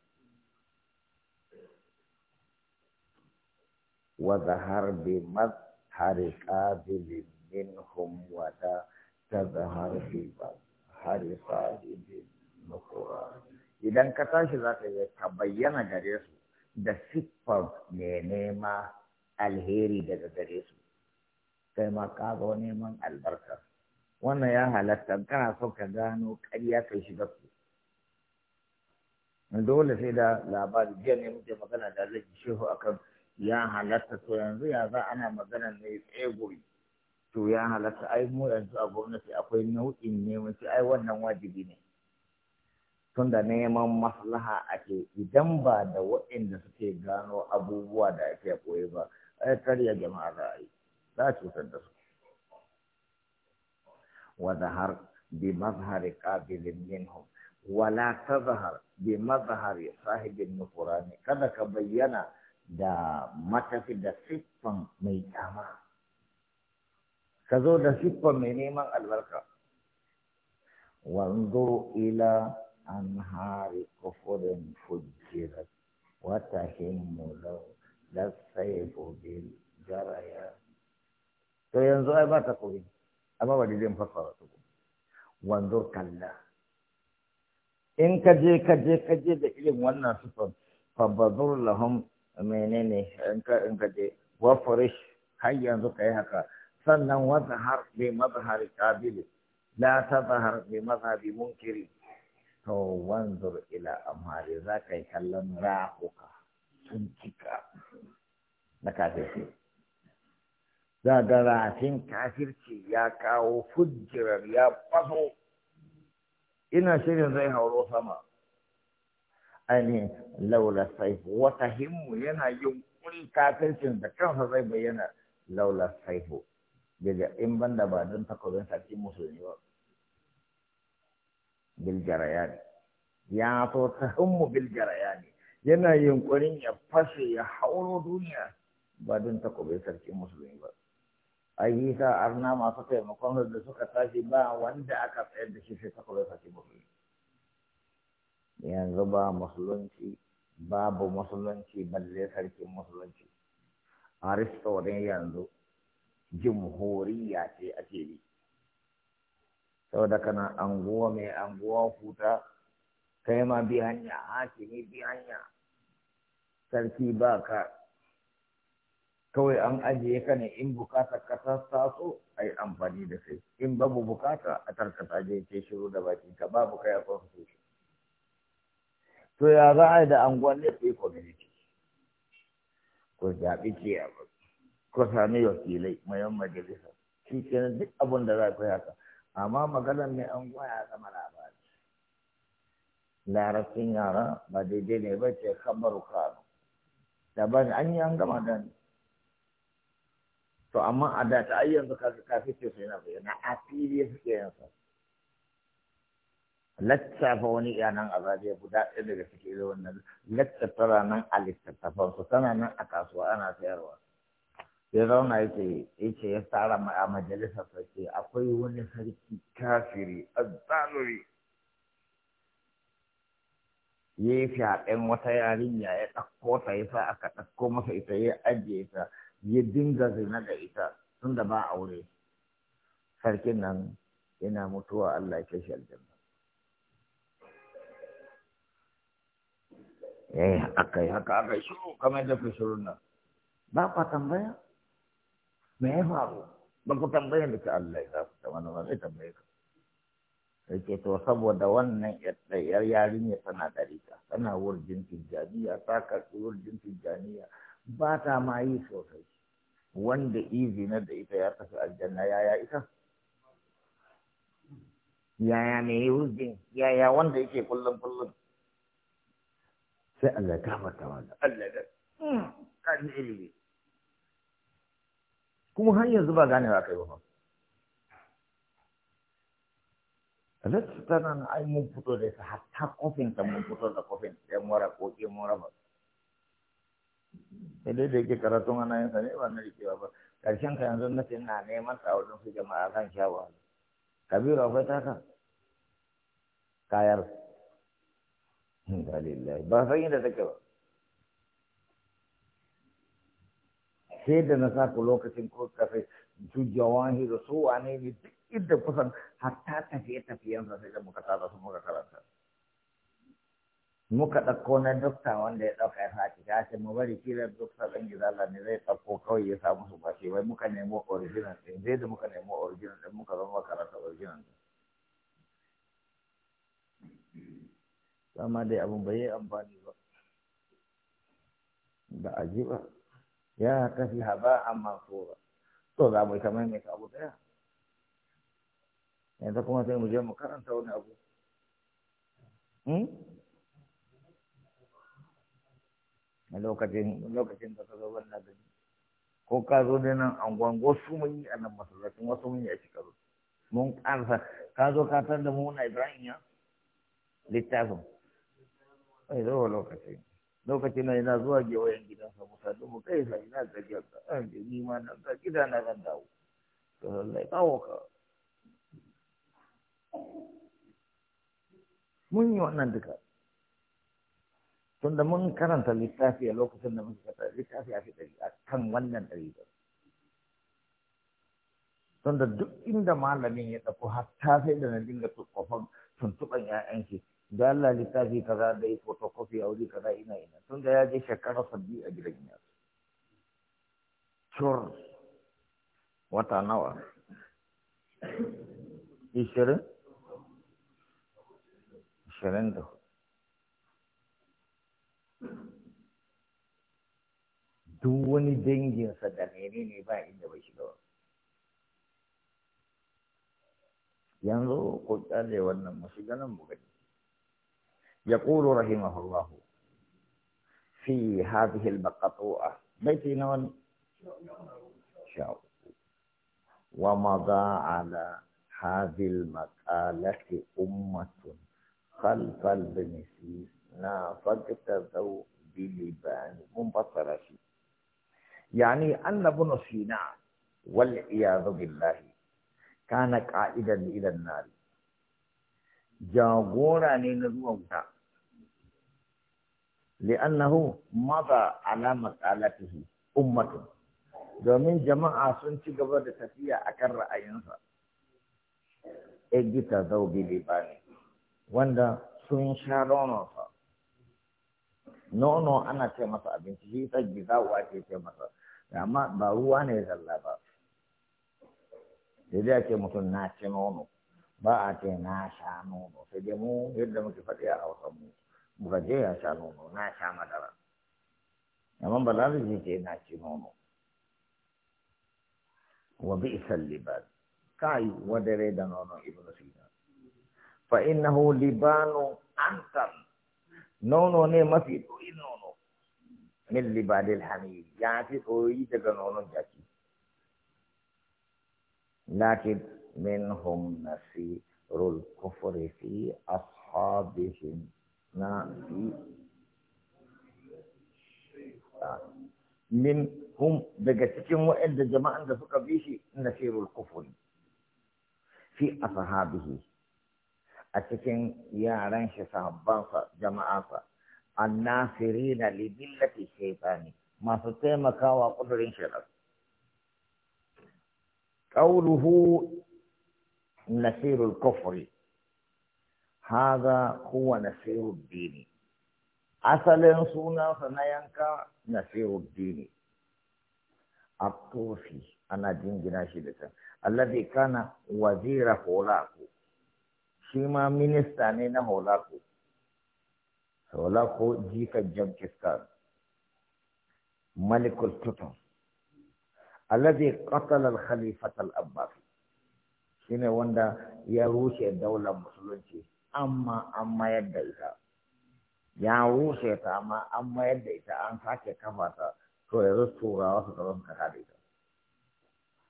wa zahar bi mazhari qabilin wa ta ba bi mazhari qabilin nukurat idan ka tashi za ka yi ka bayyana gare su da siffar ne nema alheri daga gare su kai ma ka zo neman albarka wannan ya halatta kana so ka gano ƙarya kai shiga su dole sai da labari jiya ne muke magana da zai shehu akan ya halatta to yanzu ya za ana magana ne tseguri to ya halatta ai mu yanzu a gwamnati akwai nau'in neman ai wannan wajibi ne tunda neman maslaha ake idan ba da waɗanda suke gano abubuwa da ake koyi ba ai karya jama'a ra'ayi a za a cutar da su wa zahar bi mazhari qabilin minhum wala tazhar bi mazhari sahibin Al-Qur'ani kada ka bayyana da matafi da siffan mai kyama ka zo da siffan mai neman albarka wanzuru ila أنهار كفر فجرت وتهم لو للسيف بالجريان to yanzu ai ba ta koyi amma ba daidai fassara su wanzo kalla in ka je ka je ka je da irin wannan sufan bazur lahum menene in ka in ka je wa farish har yanzu ka yi haka sannan wazahar bi mazhari qabil la zahar bi mazhabi munkiri to wanzur ila amari za ka yi kallon rahuka sun cika na kafirci za ga rafin kafirci ya kawo fujjirar ya faso ina shirin zai hauro sama ani laula saifu wata himmu yana yin kun kafircin da kansa zai bayyana laula saifu daga in banda ba don takobin sarki musulmi ba bil jarayani ya so ta hummu bil yana yunkurin ya fashe ya hauro duniya ba don takobai sarkin musulmi ba a yi sa arna masu taimakon da suka tashi ba wanda aka tsayar da shi sai takobai sarkin musulmi yanzu ba musulunci babu musulunci balle sarkin musulunci aristo ne yanzu jimhuriya ce ake yi saboda kana anguwa mai anguwa huta kai ma bi hanya haki ne bi hanya sarki ba ka kawai an ajiye ka ne in bukata ka taso a yi amfani da kai in babu bukata a tarkata je ke shiru da bakin ka babu kai a kwamfuta. to ya za a yi da anguwan ne ku community ko zaɓi ciyar ko sami wakilai mayan majalisa shi kenan duk abin da za ku yi haka amma maganar mai an ya zama labari larabcin yara ba daidai ne ba ce kamar kano daban an yi an gama da to amma a da ta ayyan da kafin kafin ce sai na bayyana a fili suke yin sa lattafa wani yanan azabe guda ɗaya daga cikin wannan lattafa ranar a littattafan su tana nan a kasuwa ana sayarwa ya zauna yake yake ya tsara a majalisar sarki akwai wani sarki kafiri azzaluri ya yi fyaɗen wata yarinya ya ɗauko ta ya sa aka ɗauko masa ita ya ajiye ta ya dinga zina da ita tun da ba aure sarkin nan yana mutuwa Allah ya kai shi aljanna eh akai haka akai shiru kamar da fishirun nan ba kwa tambaya me ya faru ba ku tambayar da ta Allah ya ku tambayar ba zai tambaye ka sai ke to saboda wannan yar yarinya tana ta, tana wurjin tijjaniya ta karɓi wurjin tijjaniya ba ta ma yi sosai wanda izina da ita ya tafi aljanna yaya ita yaya ne wurjin yaya wanda yake kullum kullum sai Allah ya gafarta wannan Allah ya hmm, ka ilimi kuma har yanzu ba ganewa kai ba Alaƙa ta na ai mun fito da ita hatta kofin ta mun fito da kofin ɗan mora ko ke mora ba. Sai dai da yake karatun ana yin sa ne ba na rike ba. Ƙarshen ka yanzu na ce na neman ta wajen su jama'a kan sha Kabiru akwai taka. Kayar. Alhamdulillah ba san yadda take ba. sai da na sa ku lokacin ko kafe su jawahiru su wane ne duk inda kusan hatta tafiye tafiyen sa sai da muka sa su muka karanta muka ɗauko na dokta wanda ya ɗauka ya sa cika ce mu bari kira dokta ɗan gizala ne zai ɗauko kawai ya samu su kwashe wai muka nemo original ɗin sai da muka nemo original ɗin muka zama karanta original ɗin amma dai abin bai yi amfani ba ba a ji ba ya kafi haba a ba. to za mu yi kamar mai abu daya yanzu kuma sai mu je mu karanta wani abu hmm? a lokacin lokacin da ka zo wannan gani ko ka zo da nan gwango su mun yi a nan masallacin wasu mun yi a shekaru mun ƙarfa ka zo ka tar da mu na ibrahim ya littafin ai zo lokacin lokacin na ina zuwa gewayen gidansa musa dubu kai sa ina tsakiyar ka an ah, ji ni ma na ga gida na zan dawo to lallai kawo ka mun yi wannan duka tunda mun karanta littafi a lokacin da muke karanta littafi a fi ɗari a kan wannan dari da tunda duk inda malamin ya tafi har ta sai da na dinga tukkofan tuntuɓan 'ya'yan shi da Allah littafi kaza da yi fotokofi a wuri kaza ina ina tun da ya je shekara sabbi a gidan ya cur wata nawa ishirin ishirin da duk wani danginsa da ne ba inda bai shiga ba yanzu ko kyale wannan masu ganin nan mu يقول رحمه الله في هذه المقطوعة بيت نون ومضى على هذه المقالة أمة خلف البنسيس فاقتدوا بلبان منبطرة يعني أن ابن سينا والعياذ بالله كان قائدا إلى النار جاغورا نين li'annahu maza ala mas'alatihi ummatun domin jama'a sun ci gaba da tafiya akan ra'ayinsa egita zaubi libani wanda sun sha nononsa nono ana ce masa abinci shi ta gizawa ce ce masa amma ba ruwa ne zalla ba sai dai ake mutum na ce nono ba a ce na sha nono sai dai mu yadda muke faɗi a hausa mu Bukaje ya sha nono na sha madara. Amma balarabe ce na ci nono. Wa bi isan Kai wadere da nono Ibn Sina. Fa innahu libanu antam Nono ne mafi ɗoyin nono. Min libadil hamid ya fi ɗoyi daga nonon jaki. لكن منهم نسير الكفر في أصحابهم na min hum daga cikin waɗanda jama'an da suka bi shi nasirul kufuri fi ashabihi a cikin yaran shi sahabbansa jama'ansa annasirina li billati shaytani masu taimakawa kudurin shaitan qawluhu nasirul kufri haza huwa dini asalin sunansa na yanka a abtofi ana jingina shi da can allazi kana wazira holaku shi ma minista ne na holaku holaku jikan jamkistan malikul tutun allazi qatala al khalifata al abbasi shine wanda ya rushe daular musulunci amma an mayar da ita ya rushe ta amma an mayar da ita an sake kafa ta to yanzu turawa su zama suka da ita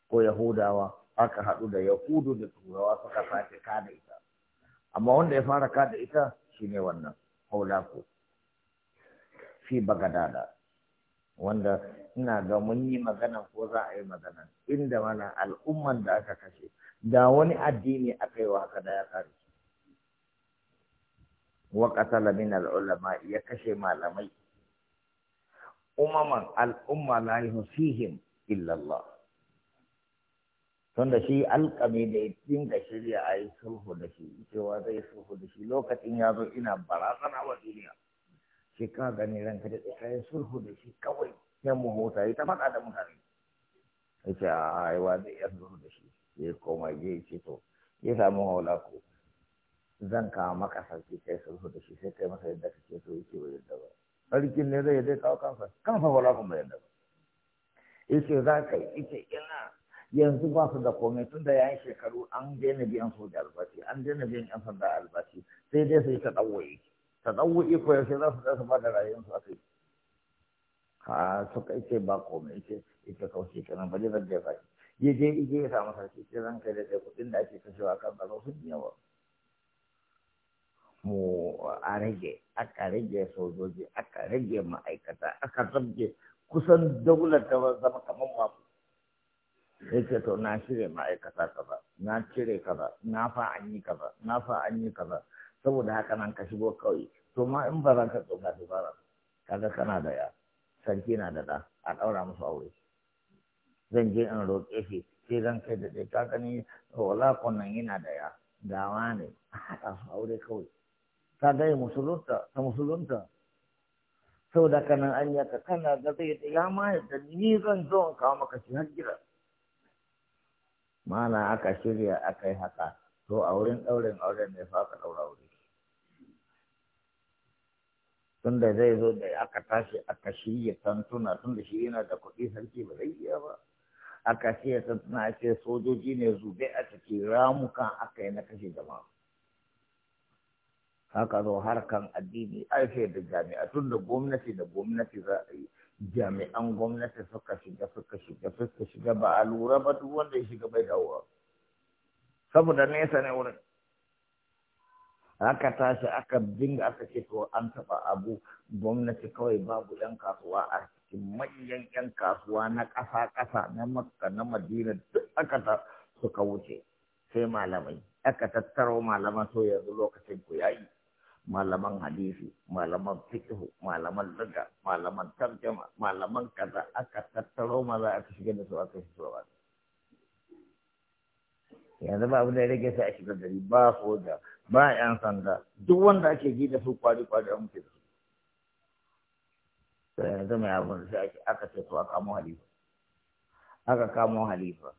ko yahudawa aka haɗu da yahudu da turawa suka sake kada ita amma wanda ya fara kada ita shine wannan haulaku fi bagadada wanda ina ga mun yi magana ko za a yi magana inda mana al'umman da aka kashe da wani addini aka yi wa haka da ya kare wa Lamina al-ulama ya kashe malamai umaman al'umma la yusihim illallah. Allah tunda shi alƙami da ya dinga shirya a yi sulhu da shi cewa zai sulhu da shi lokacin ya zo ina barazana wa duniya sai ka gani ranka sulhu da shi kawai sai mu hota ta faɗa da mutane ya ce a wa zai iya sulhu da shi ya koma ya ce to ya samu haula ko zan kawo maka sarki kai sulhu da shi sai kai masa yadda kake so yake wa yadda ba sarkin ne zai yadda kawo kansa kansa ba za ku ba yadda ba yace za ka yi yace ina yanzu ba su da komai tun da yayin shekaru an daina biyan soja albashi an daina biyan yan sanda albashi sai dai ta dawoyi ta dawoyi ko yace za su da su ba da rayuwarsu a kai ha suka ce ba komai yace yace kauce kenan ba zai zan jefa shi ya je ya samu sarki sai zan kai da kudin da ake kashewa kan su sun yawa mu a rage aka rage sojoji aka rage ma'aikata aka zabge kusan daular ta zama kamar ma sai ce to na shirya ma'aikata kaza na cire kaza na fa an yi kaza na fa an yi kaza saboda haka nan ka shigo kawai to ma in ba za ka tsoka su ba kaga kana da ya sarki na da da a ɗaura musu aure zan je in roƙe shi sai zan kai da ɗaya ka gani wala kwanan yana da ya dawa ne a aure kawai ka ga musulunta ta musulunta sau da kana an ya ka kana ga zai ya ma yadda ni zan zo in kawo maka shi hajjira mana aka shirya aka yi haka to a wurin ɗaurin auren ne fa ka ɗaura wuri tunda zai zo da aka tashi aka shirya tantuna tunda shi yana da kuɗi sarki ba zai iya ba aka shirya tantuna ake sojoji ne zube a ciki ramukan aka yi na kashe jama'a haka zo harkan addini ai da jami'a tun da gwamnati da gwamnati za a yi jami'an gwamnati suka shiga suka shiga suka shiga ba a lura ba duk wanda ya shiga bai dawowa saboda nesa ne wurin aka tashi aka dinga aka ce to an taba abu gwamnati kawai babu yan kasuwa a cikin manyan yan kasuwa na ƙasa ƙasa na makka na madina duk aka ta suka wuce sai malamai aka tattaro malamai, so yanzu lokacin ku yayi malaman hadisi malaman fiqh malaman daga malaman tarjama malaman kaza aka tattaro maza aka shiga da su aka shiga ba yanzu ba abin da ya rage sai a shiga gari ba soja ba yan sanda duk wanda ake ji da su kwari kwari an mutu da su to yanzu mai abin sai aka ce to a halifa aka kamo halifa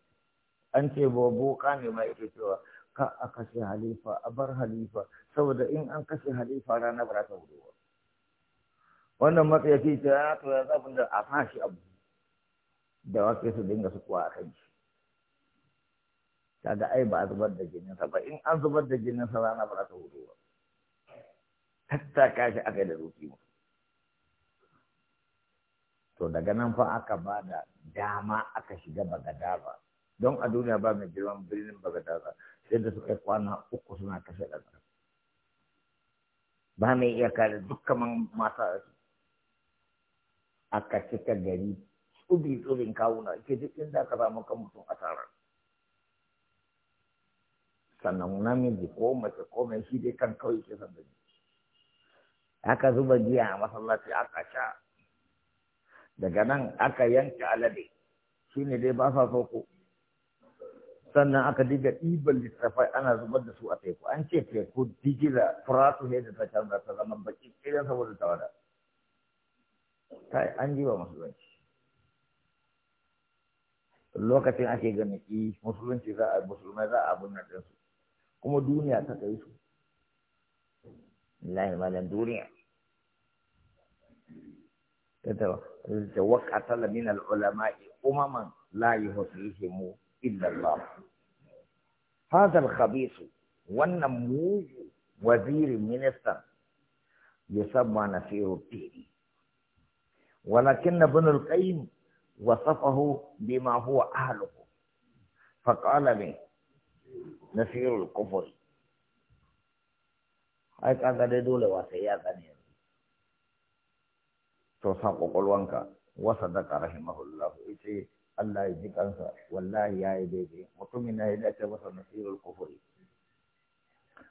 an ce bobo kame ma ita cewa ka a kashe halifa a bar halifa saboda in an kashe halifa rana ba ta wuce wannan matsayi ta ah, ya to yanzu abin da a fashi abu da wake su dinga su kuwa a kan shi kaga ai ba a zubar da jininsa ba in an zubar da sa rana ba ta wuce ba tattaka shi aka yi da zuci mu to daga nan fa aka ba da dama aka shiga bagadaba don a duniya ba mai girman birnin bagadaza sai da suka kwana uku suna kashe ɗansa ba mai iya kare dukkan masu aka cika gari tsubi tsubin kawuna ke duk inda aka samu kan mutum a tarar sannan namiji ko mace ko mai shi dai kan kawai ke sanda aka zuba giya a masallaci aka sha daga nan aka yanke alade shine dai ba sa so ko sannan aka diga ɗiban littafai ana zubar da su a teku an ce teku digila furatu ne da ta canza ta zama baki irin saboda wada, ta an ji ba musulunci lokacin ake ganin i eh, musulunci za a musulmai za a bunna nan su kuma duniya ta kai su lahi malam duniya ta ta wakatala min al-ulama'i umaman la yuhsihimu إلا الله هذا الخبيث والنموذج وزير منستر يسمى نسير الدين ولكن ابن القيم وصفه بما هو أهله فقال لي نسير الكفر هاي كانت dai dole wasai ya tsane وصدق رحمه الله الله يجيك أنسى والله يا إبيدي وطمنا إلى تبص نصير الكفر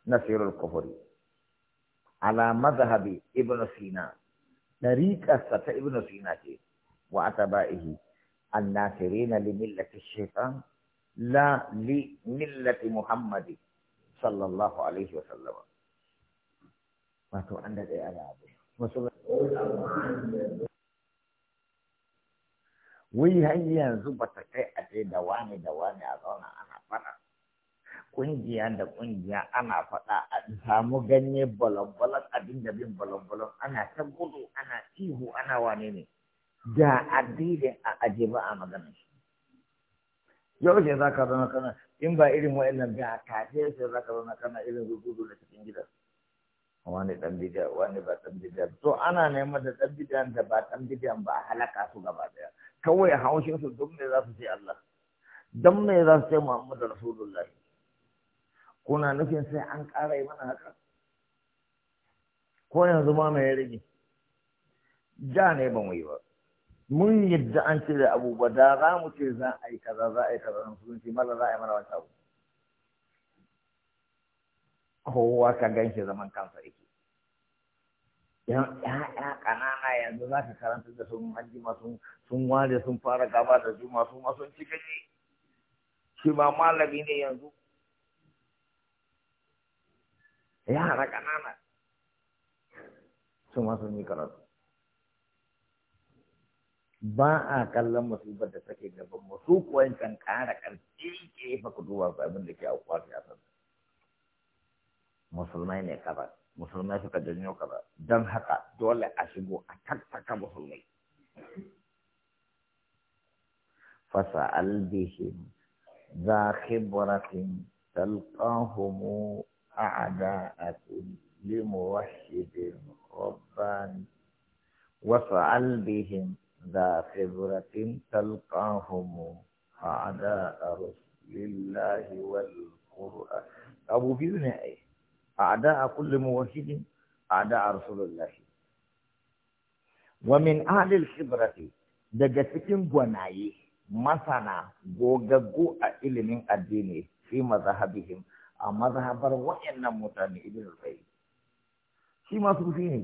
نصير الكفر على مذهب ابن سينا نريك أستطى ابن سينا واتباعه الناصرين لملة الشيطان لا لملة محمد صلى الله عليه وسلم ما تؤمن إلى أبي الله عليه وسلم wai har yanzu ba ta kai a ce da wani da wani a zauna ana fara kungiya da kungiya ana faɗa a samu ganye balon-balon abin da bin balon-balon ana ta gudu ana ihu ana wane ne da addinin a aje ba a magana shi yau ce za ka zama kana in ba irin wa'annan da kafe sai za ka zama kana irin gudu-gudu da cikin gidan wani dan bidiyar wani ba dan bidiyar to ana neman da dan bidiyar da ba dan bidiyar ba a halaka su gaba daya kawai haushinsu don me za su ce Allah don me za su ce Muhammadu Rasulullah kuna nufin sai an ƙara yi mana haka ko yanzu ma mai rage ja ne ba mu yi ba mun yadda an ce da abubuwa da za mu ce za a yi kaza za a yi kaza na musulunci mala za a yi mana wata abu kowa ka gan zaman kansa yake ya'ya ƙanana yanzu za ka karanta da sun hajji masu sun sun fara gaba da su masu masu shi ba malami ne yanzu yara ƙanana su masu yi karatu ba a kallon musibar da take gaban mu su kuwa kan ƙara ƙarfi ke fa kuduwa abin da ke aukuwa siyasar musulmai ne kabar musulmai suka janyo kaza don haka dole a shigo a tattaka musulmai fasa albihim za khibratin talqahumu a'da'atun limuwahhidin rabbani وفعل بهم ذا خبرة تلقاهم أعداء رسل الله والقرآن أبو بيون أيه a'da'a kulli muwahhidin a'da'a rasulullah wa min ahli al-khibrati daga cikin gwanaye masana gogaggu a ilimin addini fi mazhabihim a mazhabar wayannan mutane ibn al-qayyim shi ma sufi ne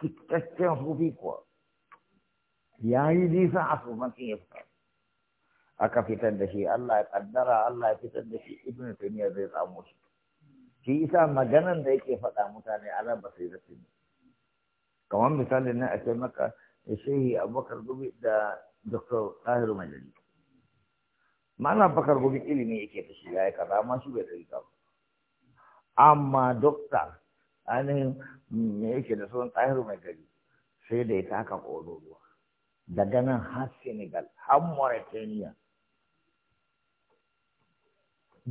cikakken sufi kuwa ya yi nisa a ya fita. aka fitar da shi Allah ya kaddara Allah ya fitar da shi ibn al-qayyim zai samu shi shi isa maganan da yake faɗa mutane ala ba sai zafi ne kamar misali na a ce maka da shehi abubakar gobe da dr tahiru majali mana bakar gobe ilimi yake da shi ya yi kaza amma shi bai tsari ba amma dokta ainihin me yake da son tahiru mai sai da ya taka ƙoro ruwa daga nan har senegal har mauritania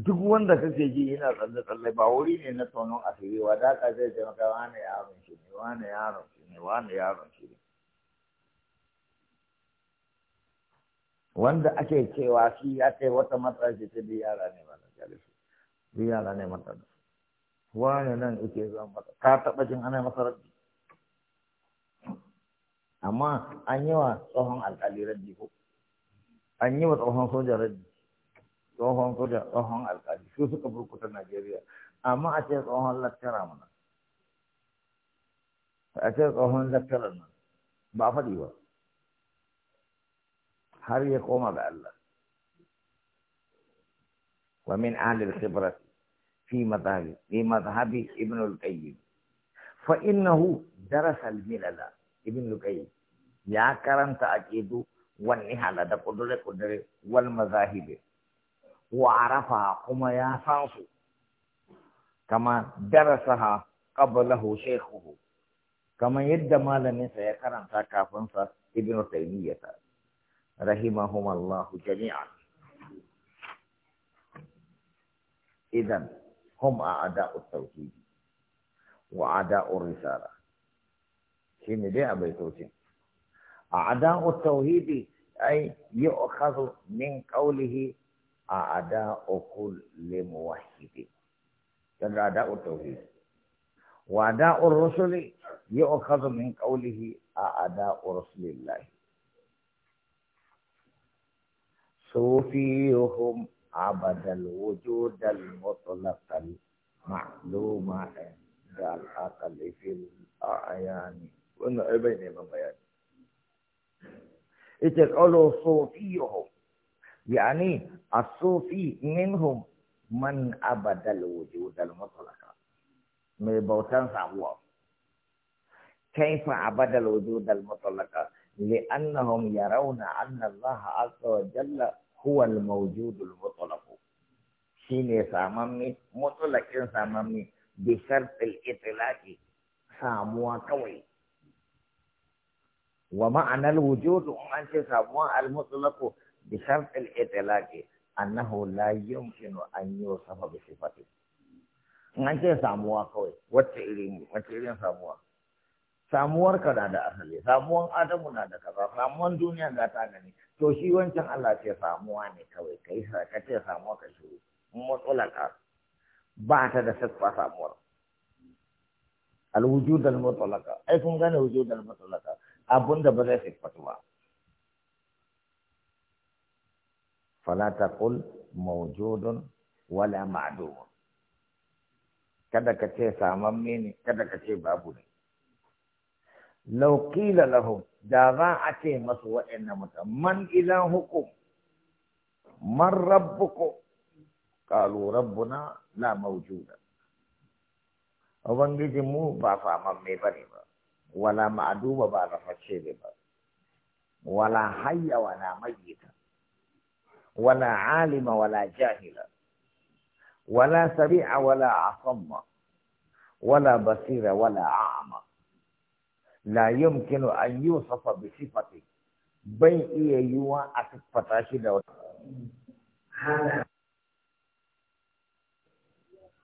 duk wanda kake ji yana tsalle tsalle ba wuri ne na tonon asiri wa da zai zai maka wane yaron shi ne wane yaron shi ne wane yaron shi ne wanda ake cewa shi ya kai wata matsayi ta duk yara ne ba na jari su yara ne mata da wane nan ike zan mata ka taɓa jin ana masarar rabbi amma an yi wa tsohon alƙali rabbi ko an yi wa tsohon sojan rabbi tsohon soja tsohon alkali su suka burkuta najeriya amma a ce tsohon lakcara mana a ce tsohon lakcarar nan ba faɗi ba har ya koma ga Allah wa min ahli al khibrat fi madhhabi fi madhhabi ibn al-qayyim fa innahu darasa al-milala ibn al-qayyim ya karanta aqidu wan nihala da kudure kudure wal mazahibi وعرفها كما يسانس كما درسها قبله شيخه كما يد مالمين سيكرم تكافنسا ابن تيمية رحمهما الله جميعا إذا هم أعداء التوحيد وأعداء الرسالة شنو دي أبي توتين أعداء التوحيد أي يؤخذ من قوله أعداء كل موحد تدعى أعداء التوحيد وأعداء الرسل يؤخذ من قوله أعداء رسل الله صوفيهم عبد الوجود المطلق المعلوم عند العقل في الأعيان وإنه بين من بيان إذ قالوا صوفيهم يعني الصوفي منهم من أبد الوجود المطلق من بوتان صعوة كيف أبد الوجود المطلق لأنهم يرون أن الله عز وجل هو الموجود المطلق شيني سامامي مطلق سامامي بشرط الإطلاق ساموا كوي ومعنى الوجود ومعنى ساموا المطلق بشرط الاطلاق أنه لا يمكن أن يوصف بصفته an ce samuwa kawai wacce irin wacce irin samuwa samuwar ka na da asali samuwan adamu na da kaza samuwan duniya ga ta gani to shi wancan Allah ce samuwa ne kawai kai sa ka ce samuwa ka shi mutsalaka ba ta da sakwa samuwar alwujud almutlaka ai kun gane wujud almutlaka abunda ba zai sifatu ba فلا تقل موجود ولا معدوم kada ka ce samamme ne kada ka ce babu ne laukila lahum da za a ce masu waɗannan mutum man ilan hukum man rabbuku qalu rabbuna la mawjuda ubangiji mu ba samamme bane ba wala ma'duba ba rafashe ne ba wala hayya wala mayyita ولا عالم ولا جاهل ولا سريع ولا عصم ولا بصير ولا أعمى لا يمكن أن يوصف بصفته بين إيه يوا أصف تاشد هذا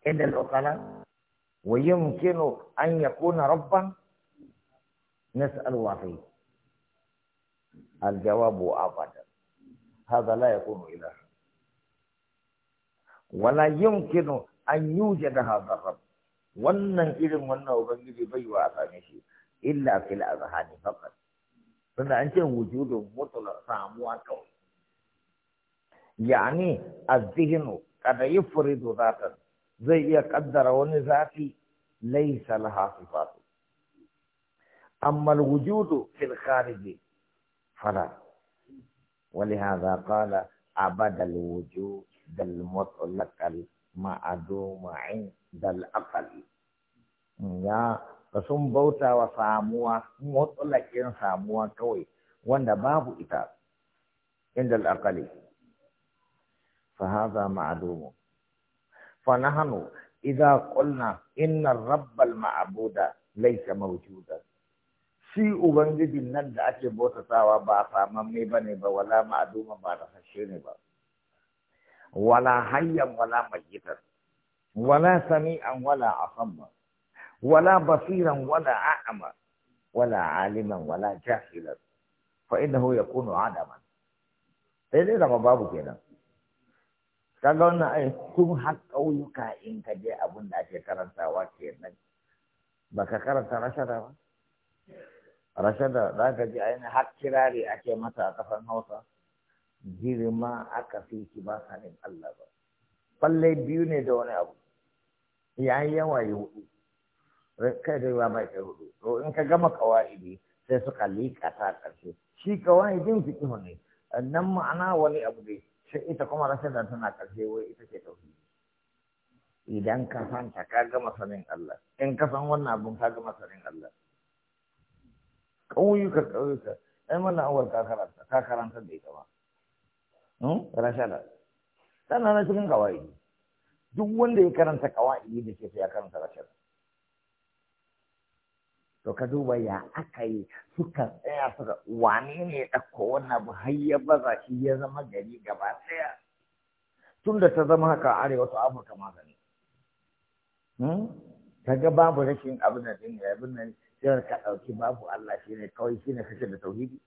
عند العقلاء ويمكن أن يكون ربا نسأل الله الجواب أبدا هذا لا يكون إلها ولا يمكن أن يوجد هذا الرب wannan irin wannan ubangiji bai wa a same shi illa fil azhani faqat tunda an ce wujudun mutlaq samuwa kawai yani az-zihnu kada yufridu zatan zai iya kaddara wani zafi laysa laha sifatu amma al-wujudu fil khariji fala ولهذا قال أبد الوجود المطلق المعدوم عند الأقل يا فسم بوتا وساموا مطلق ساموا كوي وند باب إتاب عند الأقل فهذا معدوم فنحن إذا قلنا إن الرب المعبود ليس موجودا shi ubangijin nan da ake bautatawa ba famamme ba ne ba wala ma'aduma ba hashe ne ba wala hayyan wala majitar wala sami'an wala famba. wala basiran wala a'ama wala aliman wala jahilan fa ya yakunu adaman sai dai zama babu kenan kaga wannan ai tun har ƙauyuka in ka je abin da ake karantawa kenan baka karanta rashada ba rashada za ka ji ainihin har kirari ake mata a kafar hausa girma aka fi ki ba sanin Allah ba balle biyu ne da wani abu ya yi yawa ya hudu kai da yawa mai kai hudu to in ka gama kawa'idi sai suka liƙa ta ƙarshe shi kawa'idin fiƙihu ne nan ma'ana wani abu ne sai ita kuma rashada tana ƙarshe wai ita ce tauhi idan ka santa ka gama sanin Allah in ka san wannan abun ka gama sanin Allah ƙauyuka ƙauyuka ai mana awar ka karanta ka karanta da ita ba hmm? da sannan na cikin kawai duk wanda ya karanta kawai da ke ya karanta rashada to ka duba ya aka yi suka tsaya suka wane ne ya ɗauko wannan abu har ya baza shi ya zama gari gaba Tunda tun da ta zama haka arewa ta afirka magani ta hmm? ga babu rashin abin da ya abin da sai ka ɗauki babu Allah shi ne kawai shi ne kake da tauhidi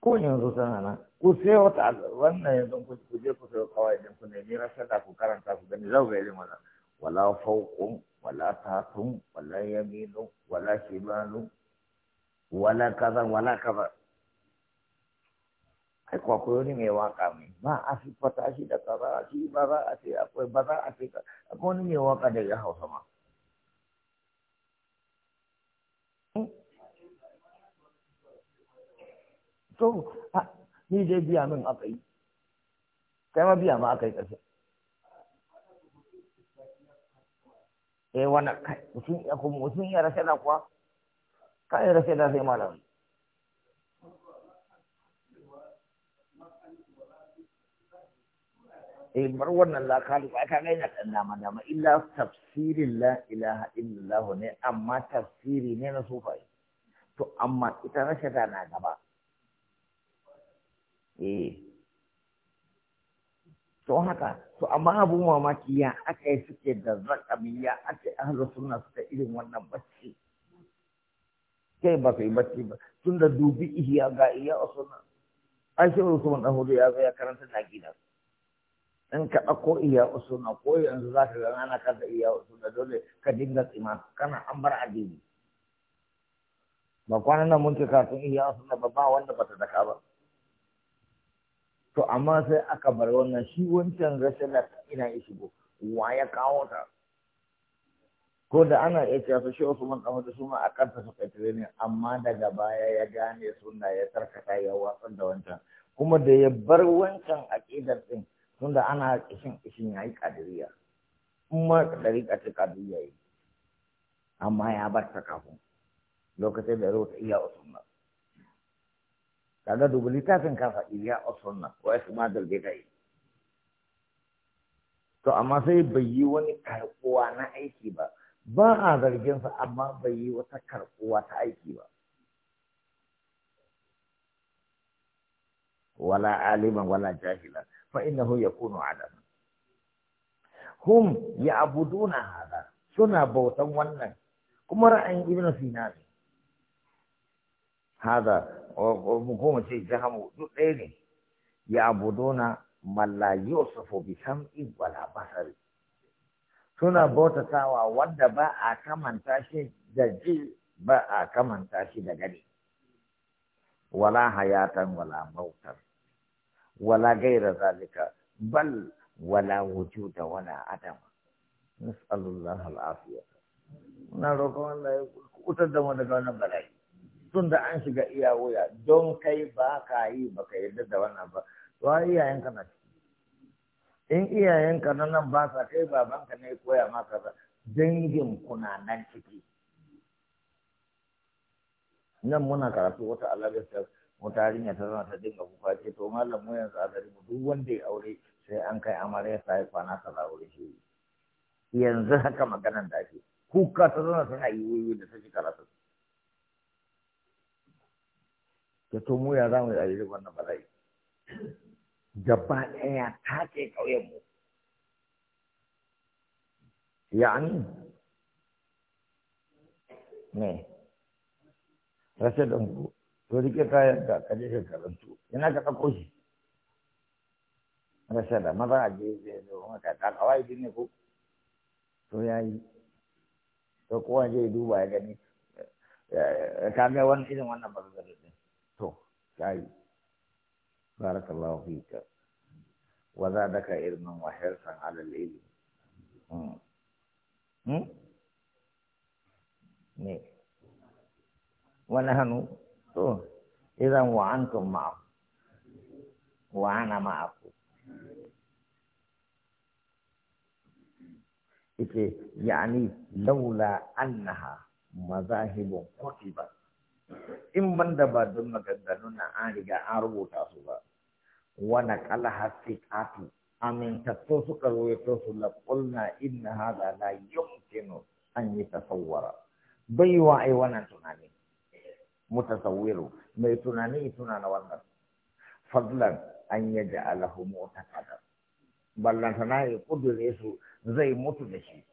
ko yanzu tana nan ku sai wata wannan yanzu ku je ku sayo kawai idan ku nemi rasada ku karanta ku gani za ku ga irin wannan wala Faukun, wala tatun wala yaminun wala shimalun wala kaza wala kaza ai kwa koyo ne mai waka mai Ma a fi fata shi da kaza shi ba za a ce akwai ba za a ce akwai wani mai waka da ya hausa ma to ni dai biya min aka yi kai ma biya ma aka yi ƙarshe eh wana kai mutum ya kuma mutum ya rashe da kuwa kai rashe da sai malami eh bar wannan la khaliq ai kaga yana dan dama dama illa tafsirin la ilaha illallah ne amma tafsiri ne na sufai to amma ita rashada na gaba eh to haka to amma abun mamaki ya aka yi suke da zakami ya aka ahlu sunna suka irin wannan bacci kai ba kai bacci ba Tunda dubi ihya ga iya usuna ai sai usman dan hudu ya zo ya karanta da gidansu in ka ɗauko iya usuna ko yanzu za ka ga ana kada iya usuna dole ka dinga tsima kana an bar addini ba kwana nan mun ce kafin iya usuna ba ba wanda ba ta daka ba to amma sai aka bar wannan shi wancan rashin ina ya shigo wa ya kawo ta ko da ana iya cewa su wasu man kama da su ma a kanta su kai ne amma daga baya ya gane sunna ya tarkata ya watsar da wancan kuma da ya bar wancan aqidar din tunda ana kishin kishin yayi kadiriya amma kadiri ka ta kadiriya yi amma ya bar ta kafin lokacin da zo ta iya usunna kaga ta littafin kafa iya usunna ko ai kuma dalbe ta yi to amma sai bai yi wani karkuwa na aiki ba ba a zarginsa amma bai yi wata karkuwa ta aiki ba wala aliman wala jahilan fa inna hu ya kuno adam. Hum ya abudu na hada suna bautan wannan kuma ra'ayin ibn Sina ne. Hada mu koma ce ne ya abudu na mallayi wa sufu bi basari. Suna bautatawa wanda ba a kaman tashi da ji ba a kaman tashi da gani. Wala hayatan wala bautar. wala gaira zalika bal wala wujuda wala adam nas'alullah na roƙon Allah ya kutar da mu daga wannan bala'i tun da an shiga iya wuya don kai ba ka yi ba ka yarda da wannan ba to iyayenka na in in iyayenka na nan ba sa kai babanka ne koya maka ba dangin kuna nan ciki nan muna karatu wata alaƙar wata yarinya ta zama ta dinga kuka ce to malam mu yanzu a gari mu duk wanda ya aure sai an kai amarya ta yi kwana kaza aure shi yanzu haka maganan da ake kuka ta zama suna yi wuyu da ta ji karatu ta to mu ya za mu yi aure wannan bala'i gaba ɗaya ta ce ƙauyen mu yani ne rashin ku to rike kayan ka ka je ka karanto ina ka ɗauko shi rasha da maza a je zai zo maka ta kawai ne ko to ya yi to kowa zai duba ya gani eh, ka ga wani irin wannan zai din to ya yi barakallahu fika wa zadaka ilman wa hirsan ala al-ilm ne hmm. hmm? wani hannu to idan wa antum ma'ahu wa ana ma'ahu ite yani laula annaha mazahibun kutiba in banda ba don maganganun na an riga an rubuta su ba wani kala haske ƙatu amintattu suka su inna hada la yumkinu an yi Bayu wa ai wannan tunani mutasawwiru mai tunani na wannan fadlan an ji kada mu'taqada ballantana ya kudure su zai mutu da shi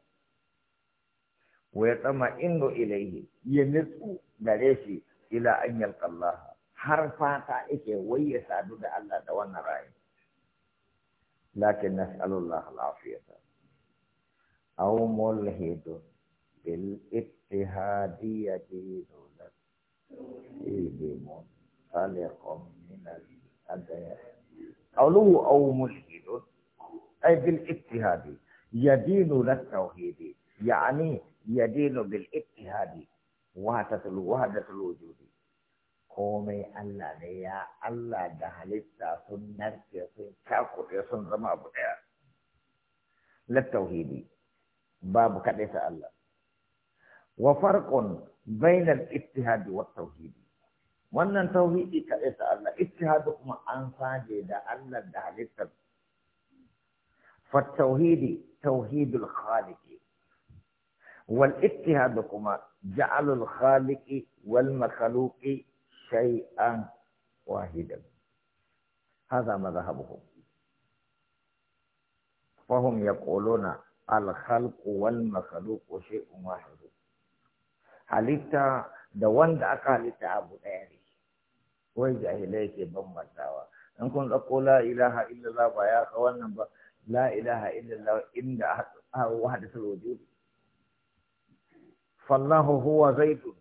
wa ya tsama indo ilaihi ya nutsu gare shi ila an yalqa Allah har fata yake wai ya sadu da Allah da wannan rayu lakin nas'alullah al'afiyata aw mulhidun bil ittihadiyyati إلم خلق من الأداء قوله أو ملحد أي بالاجتهاد يدين للتوحيد يعني يدين بالاجتهاد وهتتلو وهدة الوجود komai Allah ne ya Allah da halitta sun narke sun cakuɗe sun zama abu ɗaya. Lattauhidi babu kaɗai ta Allah. Wa farkon bainal ittihadi wa tauhidi wannan tauhidi ka isa Allah ittihadi kuma an saje da Allah da halittar fa tauhidi tauhidul khaliki wal ittihadi kuma ja'alul khaliqi wal makhluqi shay'an wahidan هذا yaquluna al يقولون wal والمخلوق shay'un wahid halitta da wanda aka halitta abu ɗaya ne wai jahilai ke bambantawa in kun ɗauko la ilaha illallah ba ya ka wannan ba la ilaha illallah inda wahdatul wujud fallahu huwa zaitu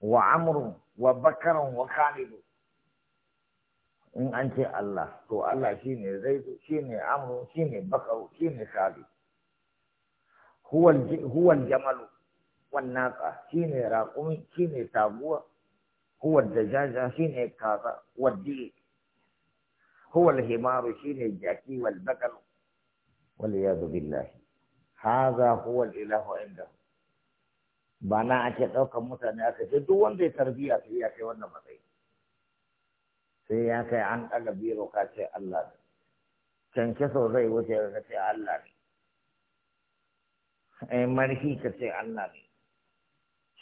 wa amru, wa bakarun wa khalidun in an ce Allah to Allah shine zaidu shine amru shine bakaru shine khalid huwa huwa jamalu wannaka ne raƙumi ne taguwa jaja shi ne kaza waddi himaru shi ne jaki wal bakal wal yadu billah hadha huwa ilahu inda ba na ake ɗaukar mutane aka ce duk wanda ya tarbiya ta iya kai wannan matsayi sai ya kai an ɗaga biro ka ce Allah ne canke sau zai wuce ka ce Allah ne eh, marfi ka ce Allah ne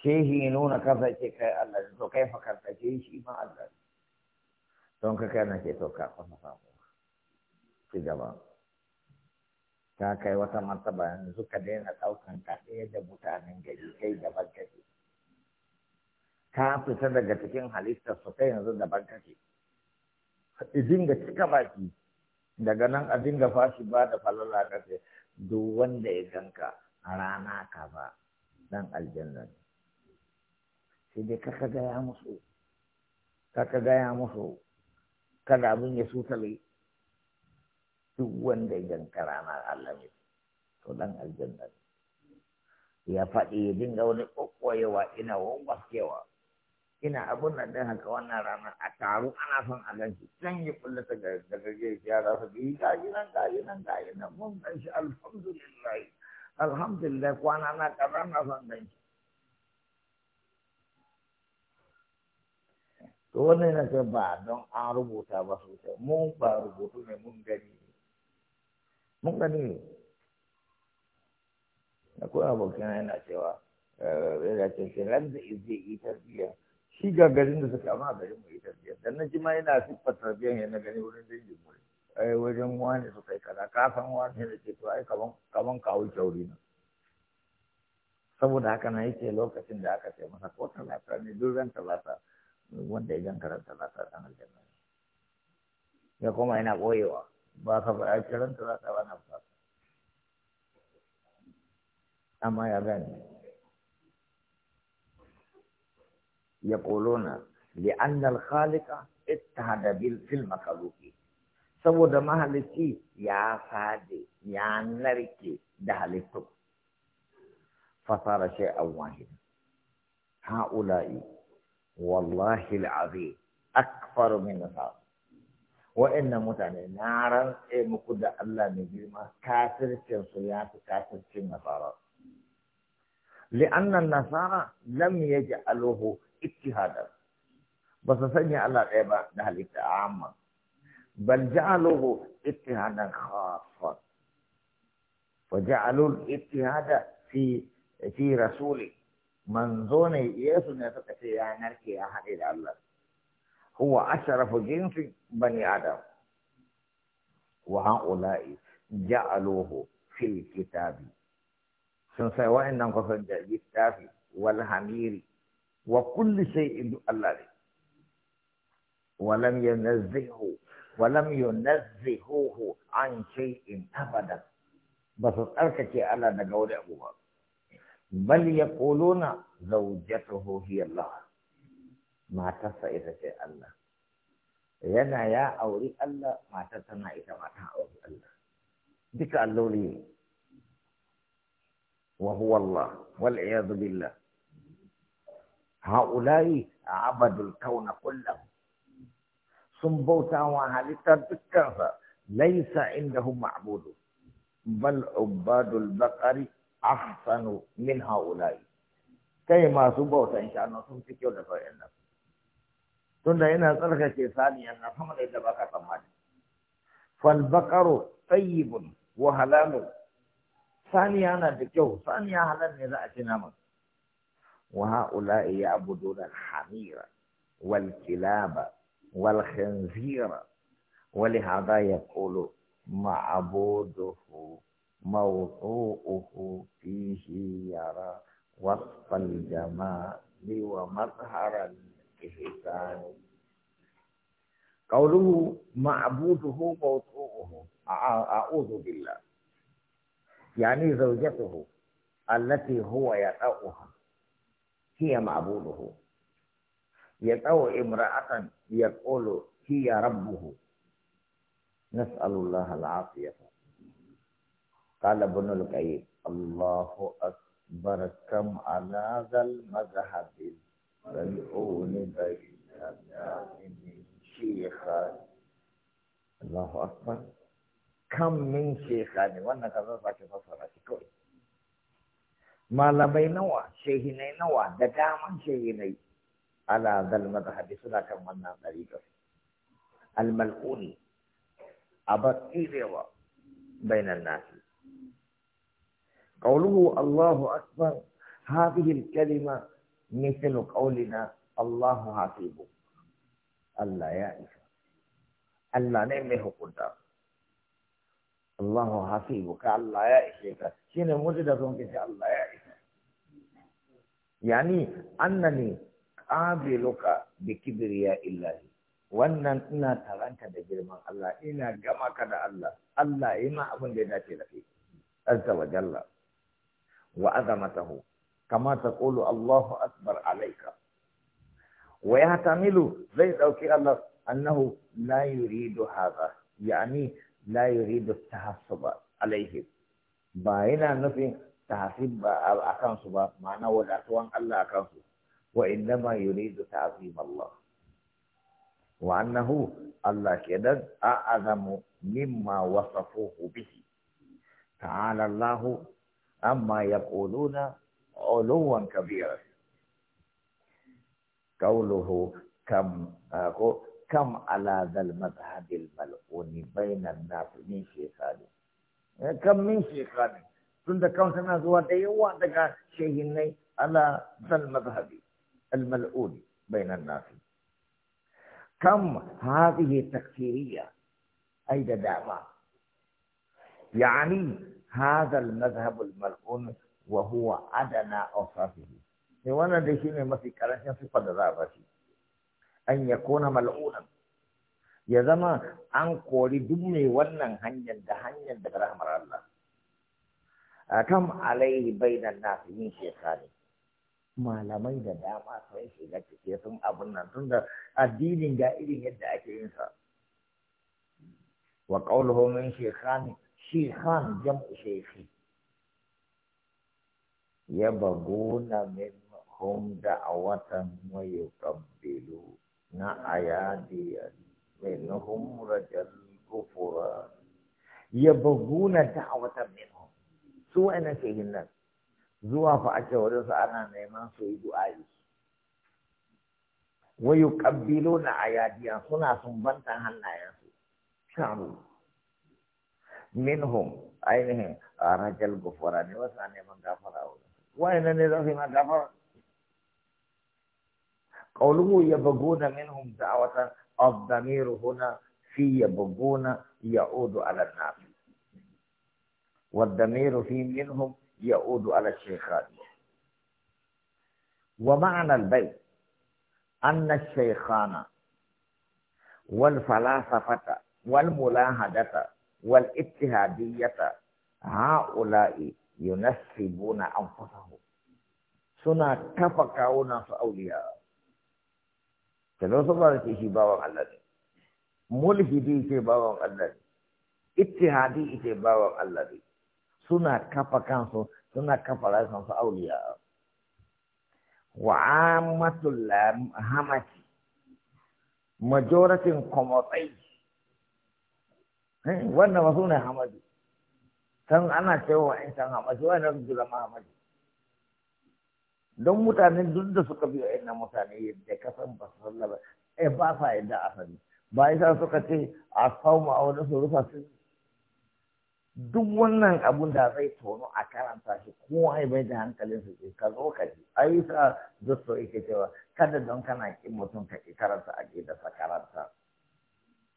shehi nuna kasa ce kai Allah ne to kai fakarta ke shi ma Allah don ka kana ke to ka fa sako ci gaba ta kai wata martaba yanzu suka daina ɗaukan ka ɗaya da mutanen gari kai daban ce ka fita daga cikin halittar su kai yanzu daban ka dinga cika baki daga nan a dinga fashi ba da falala kace duk wanda ya ganka a rana kaza dan aljanna ne sai dai kaka gaya musu kaka gaya musu kada abin ya sutale duk wanda ya jankara na Allah ne to dan aljanna ya faɗi ya dinga wani kokoyewa ina waskewa ina abun nan din haka wannan rana a taru ana son a ganki. can yi kullata ga gargaje ya za su yi gaji nan gaji nan gaji nan mun ganshi alhamdulillah alhamdulillah kwana na kaza na son ganki. to wannan yana ce ba don an rubuta ba sosai mun ba rubutu ne mun gani mun gani ne kuma abokin yana cewa eh, yana ce shi ran da zai yi tarbiyya shi ga garin da suka ma garin mu yi tarbiyya dan na ji ma yana siffar tarbiyyan yana gani wurin dangin mu ai wajen wani su kai kaza ka san wani ne ke to ai kaman kaman kawo kyauri na saboda haka na yake lokacin da aka ce masa ko talata ne duk ran talata wanda idan karanta za ta san aljanna ya kuma yana boyewa ba ka ba karanta za ta bana ba amma ya gani ya kolona li'anna al-khaliqa ittahada bil fil makhluqi saboda mahalicci ya sade ya narke da halittu fasara shay'an wahid ha'ula'i والله العظيم اكبر من النصارى وإن متعني نارا إيه مقود الله نجيما كافر كنصيات كافر النصارى لأن النصارى لم يجعلوه اجتهادا بس سنة الله غيبا نهل عاما بل جعلوه اجتهادا خاصا وجعلوا الاجتهاد في في رسوله منظوني يسو نتكتي يانركي يا حقيد الله هو أشرف جنس بني آدم وهؤلاء جعلوه في الكتاب سنسي وإن نقصد الكتاب والحمير وكل شيء الله ولم ينزهه ولم ينزهه عن شيء أبدا بس أركتي على نقول أبوها بل يقولون زوجته هي الله ما تفعل شيء الله ينا يا أولي الله ما تتنا إذا ما تعود الله ديك قالوا لي وهو الله والعياذ بالله هؤلاء عبدوا الكون كله سنبوتا وهالتا بكافة ليس عندهم معبود بل عباد البقر أحسن من هؤلاء كي ما سبوت إن شاء الله سمت كيو دفع إلنا تند إنا سرخ كيساني أن نفهم إذا بقى تمال فالبقر طيب وحلال ثانيا أنا دكيو ثانيا حلال نزاعش نمت وهؤلاء يعبدون الحمير والكلاب والخنزير ولهذا يقول معبوده موضوعه فيه يرى وصف الجمال ومظهر الإحسان قوله معبوده موضوعه أعوذ بالله يعني زوجته التي هو يطأها هي معبوده يطأ امرأة يقول هي ربه نسأل الله العافية قال ابن القيم الله أكبر كم على ذا المذهب ملعون بين الناس شيخان الله أكبر كم من شيخا وانا كذا فاكي فصلا شكوي ما لبي نوى شيخيني نوى دكاما شيخيني على ذا المذهب سنة كم منا طريقة الملعون أبقى إيريوا بين الناس قوله الله أكبر هذه الكلمة مثل قولنا الله حسيبه الله يعرف الله نعمه قدام الله حسيبك الله يعرفك شنو مجدد كيف الله يعرفك يعني أنني قابلك بكبرياء الله wannan ina taranka da girman Allah ina gama ka da Allah Allah yana abin da ya dace da kai azza wa jalla وعظمته كما تقول الله أكبر عليك ويحتمل زي أوكي الله أنه لا يريد هذا يعني لا يريد التحسب عليهم باينا نفي تحسب أكان سبا معنى ودعتوان الله أكان وإنما يريد تعظيم الله وأنه الله كذا أعظم مما وصفوه به تعالى الله أما يقولون علوا كبيرا قوله كم كم على ذا المذهب الملعون بين الناس من شيخان كم من شيخان كنت كم سنة زوا ديوا شيخين على ذا المذهب الملعون بين الناس كم هذه التكفيرية أي دعوة يعني هذا المذهب الملعون وهو أدنى أوصافه وانا دي شيء ما في كلام في قدر أن يكون mal'una ya zama an kori duk mai wannan hanyar da hanyar daga rahmar Allah. A kan alaihi bainan nasu yin shekari. Malamai da dama sun shiga cike sun abin nan tun da addinin ga irin yadda ake yin sa. Wa qawluhu min shekani شيخان جمع شيخي يبغون منهم دعوة ويقبلون أيادي منهم رجا الكفران يبغون دعوة منهم سوى أنا شيخنا zuwa fa a wurin sa ana neman su yi du'a'i wa na ayadiyan suna منهم أينهم rajal gufura ne من a neman gafara من wurin قوله يبغون منهم دعوة الضمير هنا في يبغون يعود على الناس والضمير في منهم يعود على الشيخان ومعنى البيت أن الشيخان والفلاسفة والملاهدة والاجتهادية هؤلاء ينسبون أنفسهم سنة كفكاونا في أولياء فلو في شي الله ملحدي شي باوان الله اتهادي شي باوان الله سنة كفكاونا سنة كفكاونا في أولياء وعامة الهمس مجورة قمطي wannan wasu ne hamadu san ana cewa in san hamadu wannan su zama hamadu don mutane duk da suka biyo ina mutane yadda ka san ba su sallah ba eh ba sa yadda asali ba isa suka ce a sauma a wani su rufa su duk wannan abun da zai tono a karanta shi ko ai bai da hankalin su ce ka zo ka ji a sa duk so yake cewa kada don kana ki mutum ka ki karanta a ke sa karanta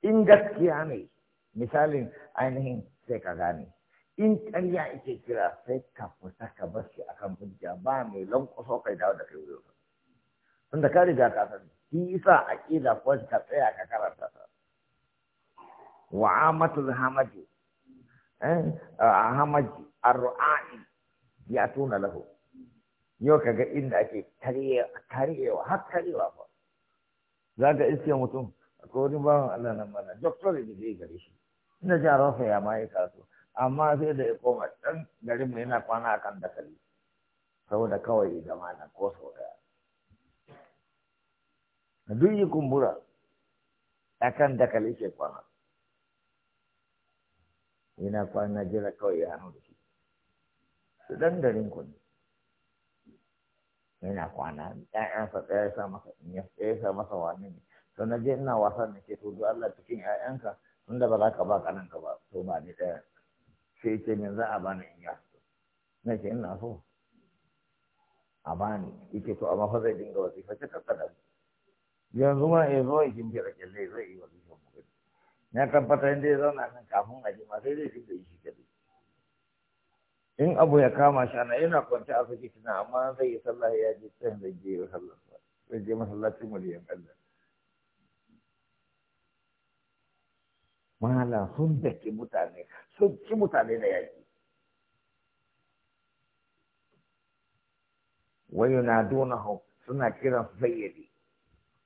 in gaskiya ne misalin ainihin sai ka gane in ƙarya ake kira sai ka fita ka bar shi akan hujja ba mai lankwaso kai dawo da kai wurin tunda ka riga ka sani shi yasa aqida ko ka tsaya ka karanta ta wa amatul hamaji eh hamaji ar ya tuna lahu yau ga inda ake karyewa, har karewa ba za ka iske mutum a kodin bawan Allah nan mana doctor da zai gare shi ina jin a ya ma yi karatu amma sai da ya koma can garin mai yana kwana a kan dakali saboda kawai ya zama na ko sau daya duk yi kumbura kan dakali ke kwana yana kwana jira kawai ya hannu da shi su dan garin ku ne yana kwana ƴaƴansa ɗaya ya sa masa sa masa wani ne to na je ina wasan da ke to Allah cikin 'ya'yansa. inda ba za ka ba ka nan ka ba to ba ni ɗaya sai ce min za a bani in ya na ce ina so a bani yake to amma fa zai dinga wasifa ce ka kada yanzu ma ya zo ya kimfi da kyalle zai yi wasifa mu gani na tabbatar inda ya zauna nan kafin a jima sai zai dinga yi shi kadai in abu ya kama shi ana yana kwanci a shi tuna amma zai yi sallah ya je can zai je sallah zai je masallacin waliyan Allah mala sun daki mutane sun ci mutane da yaƙi wayo na donahu suna kiran su sayyidi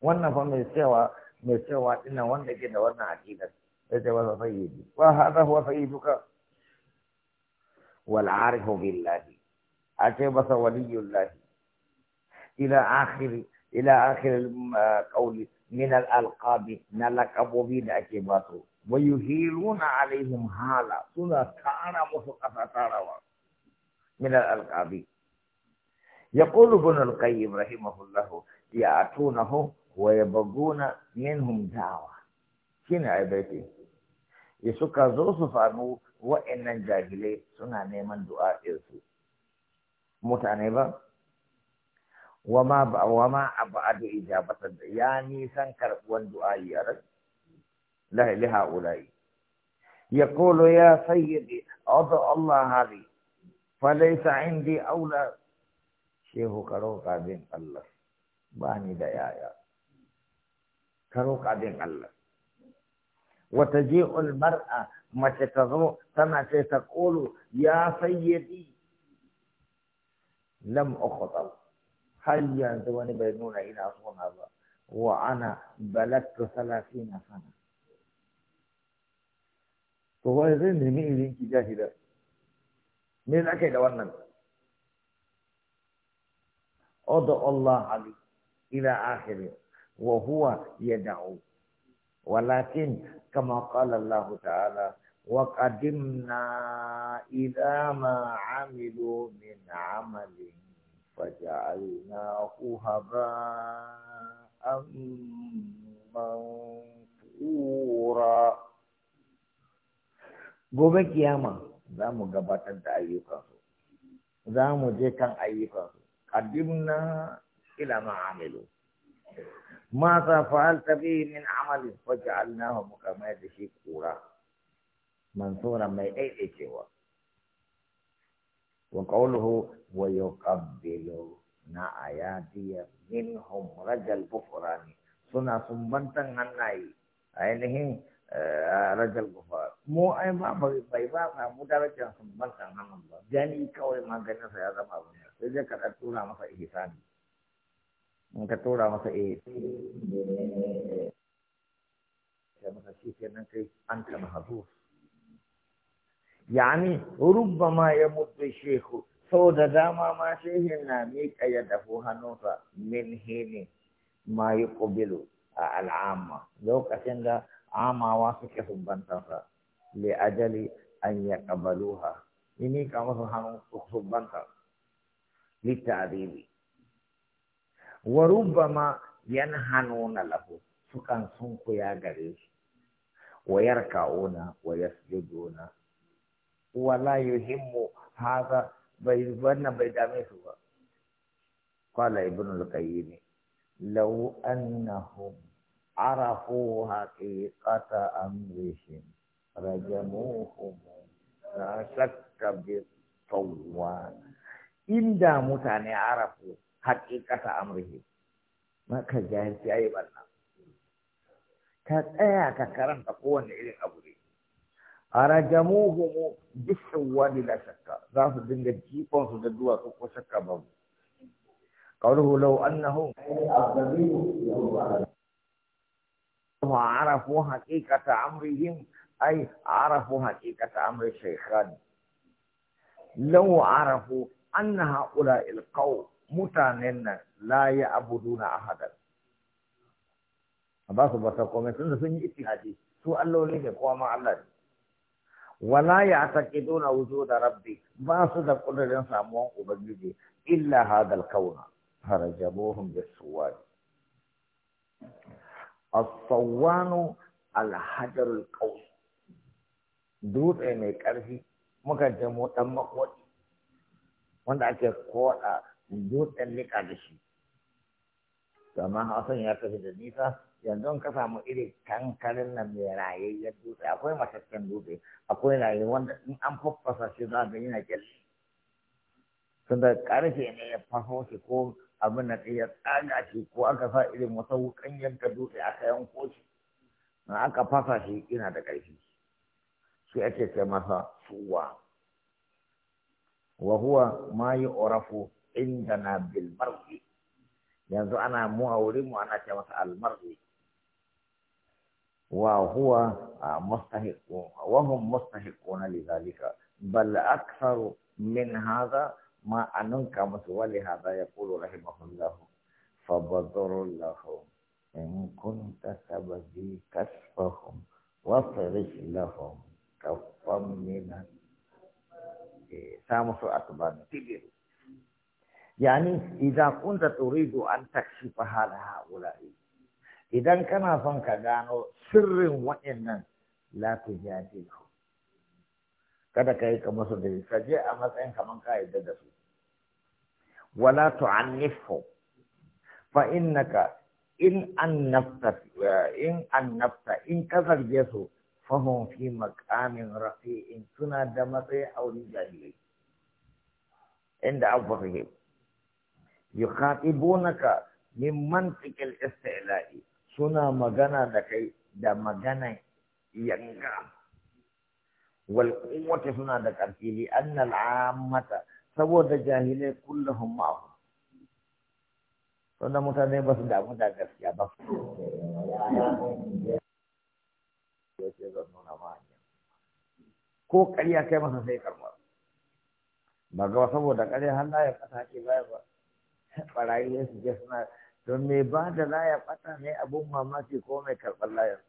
wannan fa mai cewa mai cewa ina wanda ke da wannan aqidar sai ta wasa sayyidi wa hadha huwa sayyiduka wal arifu billahi ace basa waliyullahi ila akhiri ila akhir al qawl min al alqab na laqabu bi da ake basu wa yuhiluna alaihim hala suna tara musu kasa tarawa min al-alqabi yaqulu ibn al-qayyim rahimahullah ya'tunahu wa yabghuna minhum da'wa shine ai baiti ya suka zo su faru wa'annan jahilai suna neman du'a su mutane ba wama ba wama abu adu ijabatan ya nisan karbuwan du'a ya rabbi لهؤلاء يقول يا سيدي أضع الله هذه فليس عندي أولى شيخ كروكا بين الله باني ديايا كروكا بين الله وتجيء المرأة ما تتضوء كما تقول يا سيدي لم أخطب هل ينزوني بينونا إلى صنع وأنا بلدت ثلاثين سنة to wai zai nemi irin ki jahila me za ka yi da wannan odo Allah ali ila akhiri wa huwa yad'u walakin kama qala Allah ta'ala wa qadimna ila ma amilu min amalin فجعلناه هباء منثورا gobe kiyama za mu gabatar da ayyukansu za mu je kan ayyukansu qaddimna ila ma amilu ma sa fa'alta bi min amali faj'alnahu mukammal da shi kura mansura mai daidaitewa wa qawluhu wa yuqabbilu na ayatiya minhum rajal bufrani suna sumbantan hannaye ainihin rajal gufar mu ai ba bai ba ma mu darajar sun ban san hannun ba gani kawai maganin sa ya zama abu ne sai dai ka dan tura masa ihsani in ka tura masa eh sai masa shi kenan kai an ta mahzuf yani rubbama mutu shehu sau da dama ma shehin na miƙa ya dafu hannunsa min hini ma yi ƙubilu a al'amma lokacin da amawa suke sumbantansa li ajali an ya kabaluha ini kamu musu hannun sumbanta li ta'dibi wa rubbama yanhanuna lahu sukan ya gare shi wa yarka'una wa yasjuduna wa la yuhimmu hadha bai wanna bai dame su ba qala ibnu al-qayyim law annahum عرفوا حقيقة أمرهم رجموهم shakka شك inda mutane arafu haƙiƙata amrihim maka jahil ya ayi ɓanna ka tsaya ka karanta kowanne irin abu ne a rajamuhumu bisin wani la shakka za su dinga su da su ko shakka babu قوله لو أنهم ma'arafu haqiqata amrihim ay arafu haqiqata amri shaykhan law arafu anna haula il qaw mutanen nan la ya abuduna ahadan ba su ba ta kome tun da sun yi ittihadi su Allah ne ke kuma Allah ne wala ya taqiduna wujud rabbi ba su da kudurin samuwan ubangiji illa hadal kauna harajabuhum bisuwa as-sawwanu al-hajarul dutse mai ƙarfi muka jamo ɗan dan wanda ake koɗa dutsen nika da shi Gama Hassan ya tafi da nisa yanzu ka samu iri kankarin nan mai rayayyar dutse akwai matakan dutse akwai raye wanda in an faffasa shi za a ga yana kyalli tunda ƙarfe ne ya faso shi ko abin da ya tsaga shi ko aka sa irin wata wukan yanka dutse aka yanko shi na aka fasa shi ina da ƙarfi shi ake ce masa suwa wa huwa ma yi orafo inda na bilmarwi yanzu ana mu a wurin mu ana ce masa almarwi wa huwa mustahiqu wa hum na lizalika bal aksaru min haza. ما أنون سوالي هذا يقول رحمه الله فبذر الله إن كنت تبدي كسبهم واصرف لهم كفا من سامسو أكبر تبير يعني إذا كنت تريد أن تكشف هذا هؤلاء إذا كان فانك دانو سر وإن لا تجادله kada ka yi ka masu da ka je a matsayin kaman ka yi da su wala tu'annifu fa innaka in annafta in annafta in ka zarge su fi maqamin rafi'in suna da matsayi a wurin jahilai inda anfusihim yukhatibunaka min mantiqil isti'la'i suna magana da kai da maganan yanga wal quwwati suna da ƙarfi li anna al'ammata saboda jahilai kullahum ma'ahu wanda mutane ba su damu da gaskiya ba ko ƙarya kai masa sai karɓa ba ga saboda ƙarya har ya fata ke baya ba barayi ne su je suna don me ba da laya fata ne abun mamaki ko mai karɓar layar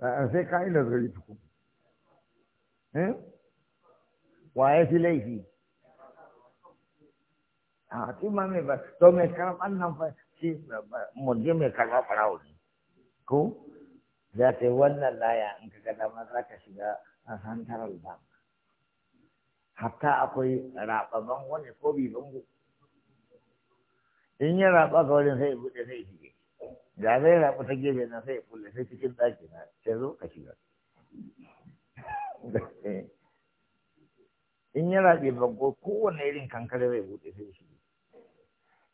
sai ka yi nazari tukun eh? wa ya fi laifi a ma mai ba to mai karɓar nan fa shi murje mai karɓar fara ne ko za ta yi wannan laya in ka ga dama za ka shiga a santaral bank hatta akwai raɓaban wani ko bi bango in ya raɓa ka wani sai buɗe laifi. fi da zai rabu ta gefe na sai kulle sai cikin daki na sai zo ka shiga in ya rabe bango kowane irin kankare zai buɗe sai shi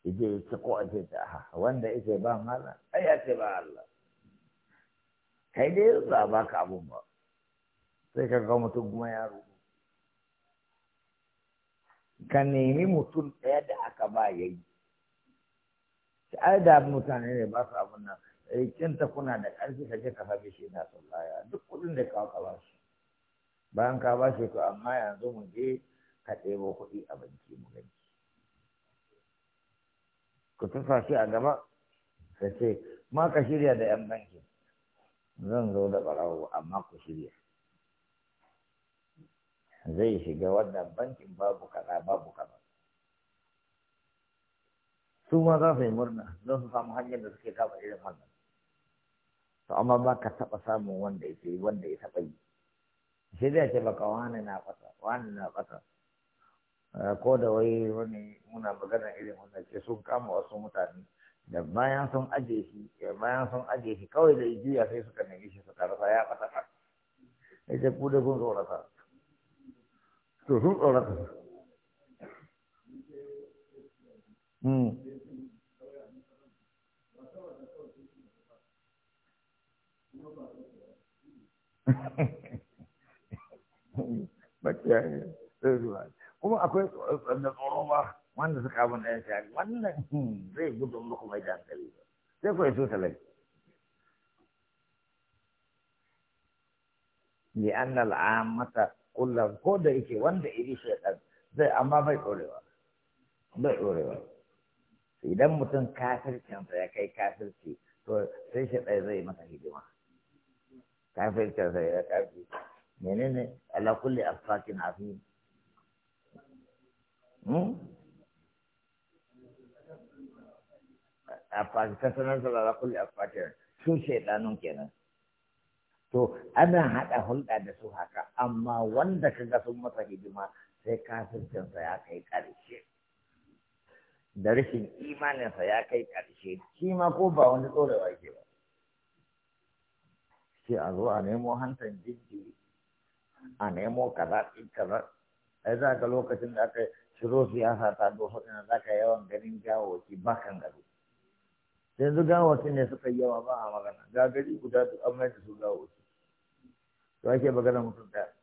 yaje ya ci ko a ce ta ha wanda yake ba mala ai ya ce ba Allah kai dai za ba ka abun ba sai ka ga mutum kuma ya rubu ka nemi mutum ɗaya da aka ba yayi ai da mutane ne ba su abun nan eh, kin ta kuna da ƙarfi ka je ka same shi na son baya duk kuɗin da ka ka bashi. bayan ka ba shi to amma yanzu mu je ka ɗebo kuɗi a banki mu gani ku tufa shi a gaba ka ce ma ka shirya da yan banki zan zo da ɓarawo amma ku shirya zai shiga wannan bankin babu kaza babu kaza su ma za su yi murna don su samu hanyar da suke kama irin wannan to amma ba ka taɓa samun wanda yake wanda ya taɓa yi shi zai ce baka wani na fasa, wani na ƙasa eh, ko da wai wani muna magana irin wannan ce sun kama wasu mutane da bayan sun aje shi da bayan sun aje shi kawai da juya sai suka nemi shi suka rasa ya fasa. ka ita ku da kun tsorata to sun tsorata hmm. bacci ya yi zuwa kuma akwai da tsoro ba wanda suka abin da ya ce wannan hmm, zai gudun muku mai da hankali sai ku yaso talai li anna mata kullum ko da yake wanda iri shaitan zai amma bai ɗorewa bai ɗorewa idan mutum kafircinsa ya kai kafirci to sai shaitan zai masa hidima kafircin sai ya kafi menene ala kulli afakin afim hmm? afaki ta sanar da ala kulli afakin su shaidanun kenan to ana haɗa hulɗa da su haka amma wanda ka ga sun masa hidima sai kafircinsa ya kai ƙarshe da rashin imaninsa ya kai ƙarshe shi ma ko ba wani tsorewa ke ba sai a zo a nemo hantan jinjiri a nemo kaza kaza ai za ka lokacin da aka shiro siyasa ta dofa ina za ka yawan ganin gawawaki bakan gado yanzu gawaki ne suka yawa ba a magana ga gari guda duk an mai da su gawaki to ake magana mutum da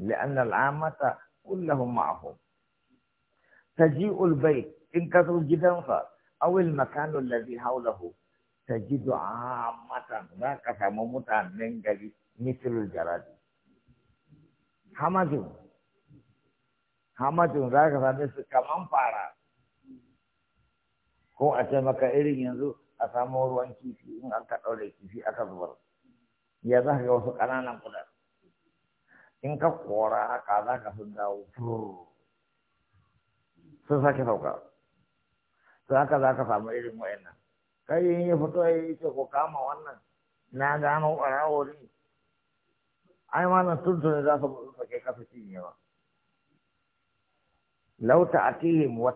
لأن العامة كلهم معهم تجيء البيت إن كثر جدا أو المكان الذي حوله tajidu ammatan za ka samu mutanen gari mislul jaradi Hamadun, Hamadun za ka same su kaman fara ko a ce maka irin yanzu a samu ruwan kifi in an ka ɗaure kifi aka zubar ya za ka wasu ƙananan kudan in ka kora haka za ka sun dawo sun sake sauka to haka za ka samu irin wa'annan kai in ya fito ya yi ce ko kama wannan na gano ɓarawo ne ai ma na tuntun za su buɗe sake kasa lauta a tihim wa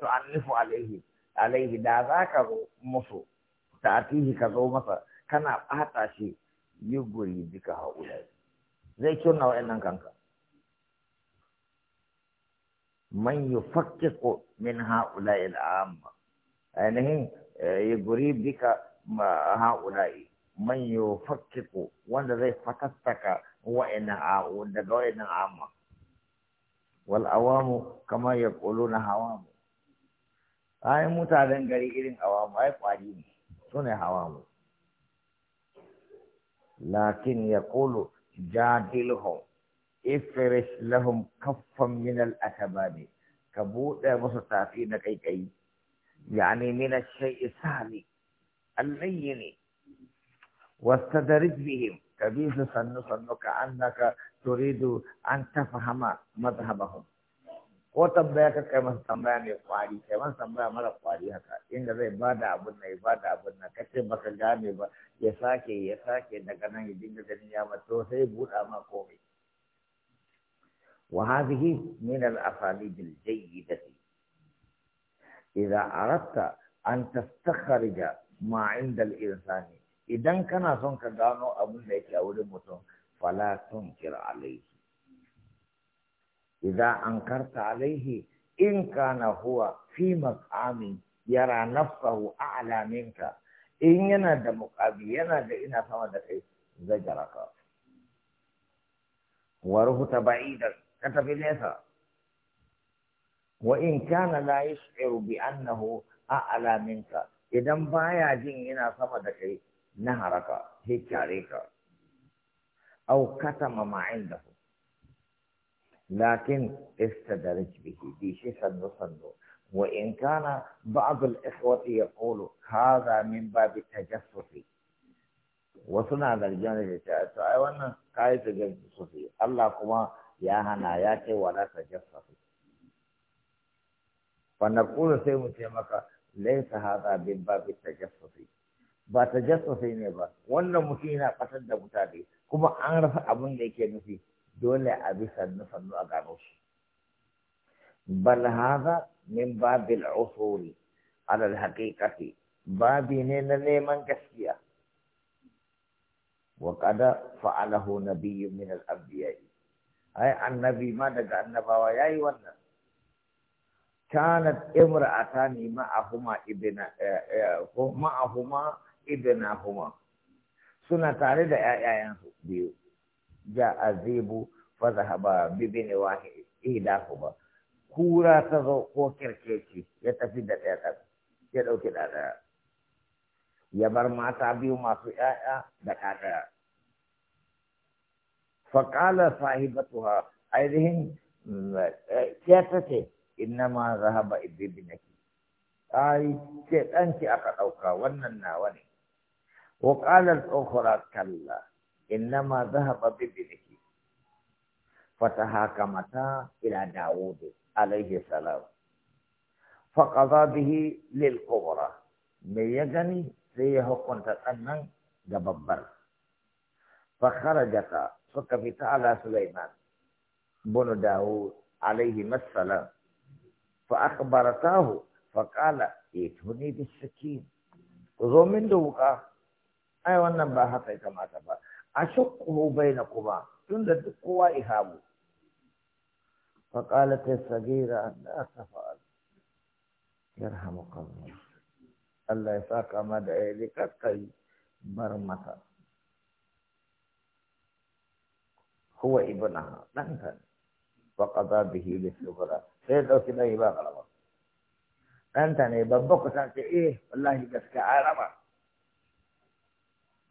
tu'annifu alaihi alaihi da za ka zo musu tihi ka zo masa kana ɓata shi yi guri duka haƙulai zai cunna wa'annan kanka man ko min ha'ulai al'amma ainihin guri eh, bika ha'ula'i man yufakkiku wanda zai fatattaka wa'annan a'u daga wa'annan amma wal awamu kama na hawamu ai mutanen gari irin awamu ai kwari ne ne hawamu lakin kulu jadilhum ifirish lahum kaffan min al akabadi ka buɗe musu tafi na kaikai يعني من الشيء السهل اللين واستدرج بهم كبير سن سنك أنك تريد أن تفهم مذهبهم ko tambaya ka kai masa tambaya mai kwari kai masa tambaya mara kwari haka inda zai bada abun nan ya bada abun nan ka ce baka gane ba ya sake ya sake daga nan ya dinga ganin ya ba, sai buɗa ma komai wa hadhihi min al asalib al jayyidati إذا أردت أن تستخرج ما عند الإنسان إذا كان صنك دانو أبو ليك أولي متون فلا تنكر عليه إذا أنكرت عليه إن كان هو في مقام يرى نفسه أعلى منك إن ينادى مقابي ينادى إنا فمدك زجرك وروه بعيدا كتب ليسا wa in kana la yash'uru bi annahu a'la minka idan baya jin yana sama da kai na haraka hikkare ka aw katama ma indahu lakin istadarij bihi bi shi sannu sannu wa in kana ba'd al ikhwati yaqulu hadha ta bab wasu na zargin da ta to ai wannan kai tajassus Allah kuma ya hana ya ce wala tajassus فنقول سيما تيمكا ليس هذا من باب التجسس با تجسس ني يعني با وان مكينا قتل دا متادي كما عرف ابن ليكي نفي دولة أبي سنة سنة أغانوش بل هذا من باب العصور على الحقيقة باب هنا نيمان كسكيا وقد فعله نبي من الأنبياء أي النبي ما دقى النبوى يا أيوة kanat imra'atani ma'ahuma ibna ma'ahuma ibnahuma suna tare da ƴaƴayensu biyu ja azibu fa zahaba bi bin wahid ba. kura ta zo ko kirkeci ya tafi da ɗaya ɗan ya ɗauki da ɗaya ya bar mata biyu masu ƴaƴa da ɗaya faƙala sahibatuha ainihin ya ta ce innama zahaba ibibnaki ai ce danki aka dauka wannan nawa ne wa qala ukhra kalla innama zahaba ibibnaki fatahakamata ila daud alayhi salam faqadha bihi lil kubra me ya gani sai ya hukunta sannan ga babbar fa kharajata suka fita ala sulaiman bunu daud alaihi assalam فأخبرته فقال ائتوني بالسكين zo min da wuka ai wannan ba haka ya kamata ba a shakku bai na kuma tun da duk kowa ihamu faƙala ta sagira da aka fa'al yarhamu kallu Allah ya sa kama da ya yi kakkai bar mata huwa ibnaha ɗanka faƙaza bihi da shugura sai ɗauki ɗari ba ɗanta ne babba kusan ce eh wallahi gaskiya a raba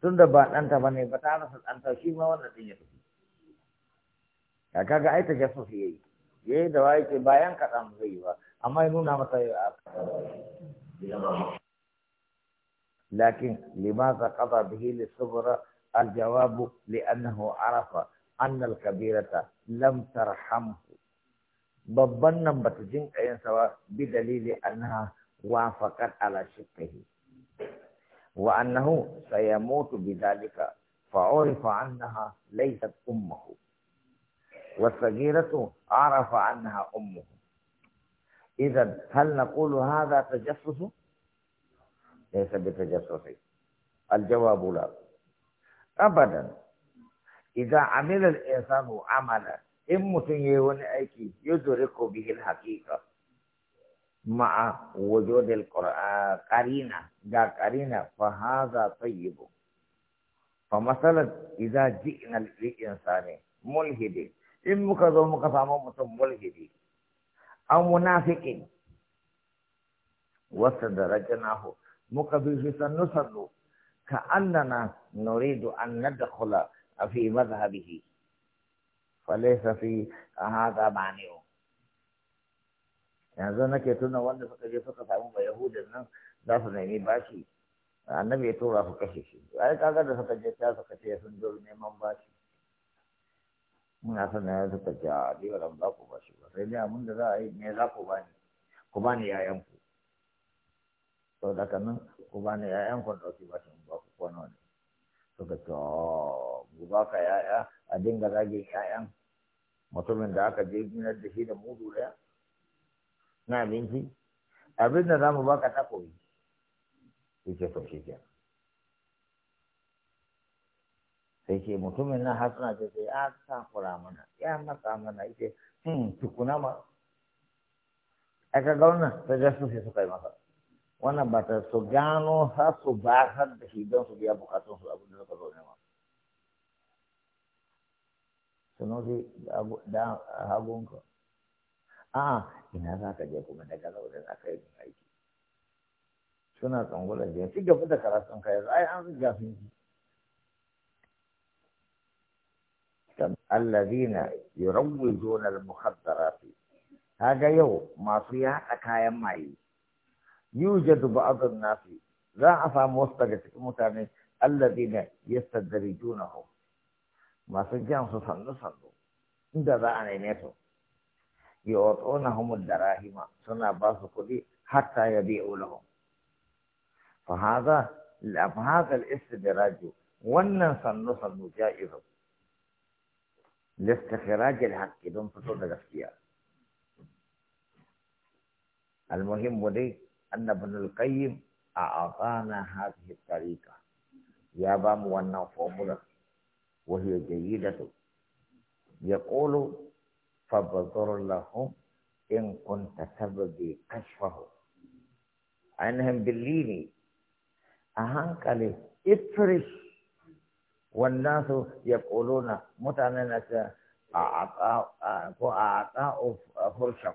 tun da ba ɗanta ba ne ba ta rasa ɗanta shi ma wannan ɗin ya tafi ya kaga aita tajassus ya yi ya yi da wa yake bayan kaɗan zai yi ba amma ya nuna masa ya a lakin limaza qada bihi lisubra الجواب لأنه a'rafa, أن Kabirata, لم ترحمه babban nan bata jinka yin sawa bi dalili annaha wafaqat ala shibhihi wa annahu sayamutu bidhalika fa urifa annaha laysat ummuhu wa والصغيرة عرف عنها أمه إذا هل نقول هذا تجسس؟ ليس بتجسس الجواب لا أبدا إذا عمل الإنسان عملا in mutum ya yi wani aiki ya zuri ko bihin haƙiƙa ma'a da ƙarina ga ƙarina fa haza tayyibu fa iza ji ina lil sani mulhidi in muka zo muka samu mutum mulhidi an da wasa ho. muka bi shi sannu sannu ka annana nuridu an a fi madhhabihi فليس في هذا معنى yanzu nake tuna wanda suka je suka samu ba yahudin nan za su nemi bashi annabi ya tura su kashe shi ai kaga da suka je ta suka ce sun zo neman bashi muna sana ya suka ce a ni ba za ku bashi ba sai dai abin da za a yi me za ku bani ku bani yayan ku to da kanin ku bani yayan ku dauki bashin ba ku kwana ne suka ce ku ba ka yaya a dinga zagin 'ya'yan mutumin da aka je ginar da shi da mudu ɗaya na abinci abin da za mu baka takobi yake to shi kenan sai ke mutumin na har suna ce ya takura mana ya matsa mana yake hmm tukuna ma ai ka ga wannan sai da su suka yi masa wannan ba ta su gano har su basar da shi don su biya bukatun su abin da suka zo nema suno zai da hagunka a'a ina za ka je kuma daga laurin za ka yi aiki suna tsangwalar da ci gaba da karatun ka yanzu ai an riga sun ji allazina yurawwijuna al-mukhaddarat kaga yau masu yaɗa kayan maye yujadu ba'dun nasi za a samu wasu daga cikin mutane allazina yastadrijunahu masu jan su sannu-sannu inda za a neme su ya wato na humul da rahima suna ba su kuɗi hatta ya bi ulahun fahaza lafahazal istidraju wannan sannu-sannu ja'izu listakirajil haƙƙi don fito da gaskiya المهم دي أن ابن القيم أعطانا هذه الطريقة يا بام وانا فورمولا وهي جيدة يقول فبذر له إن كنت تبغي كشفه عنهم بالليل أهانك لي افرش والناس يقولون متعننة أعطاه فرشه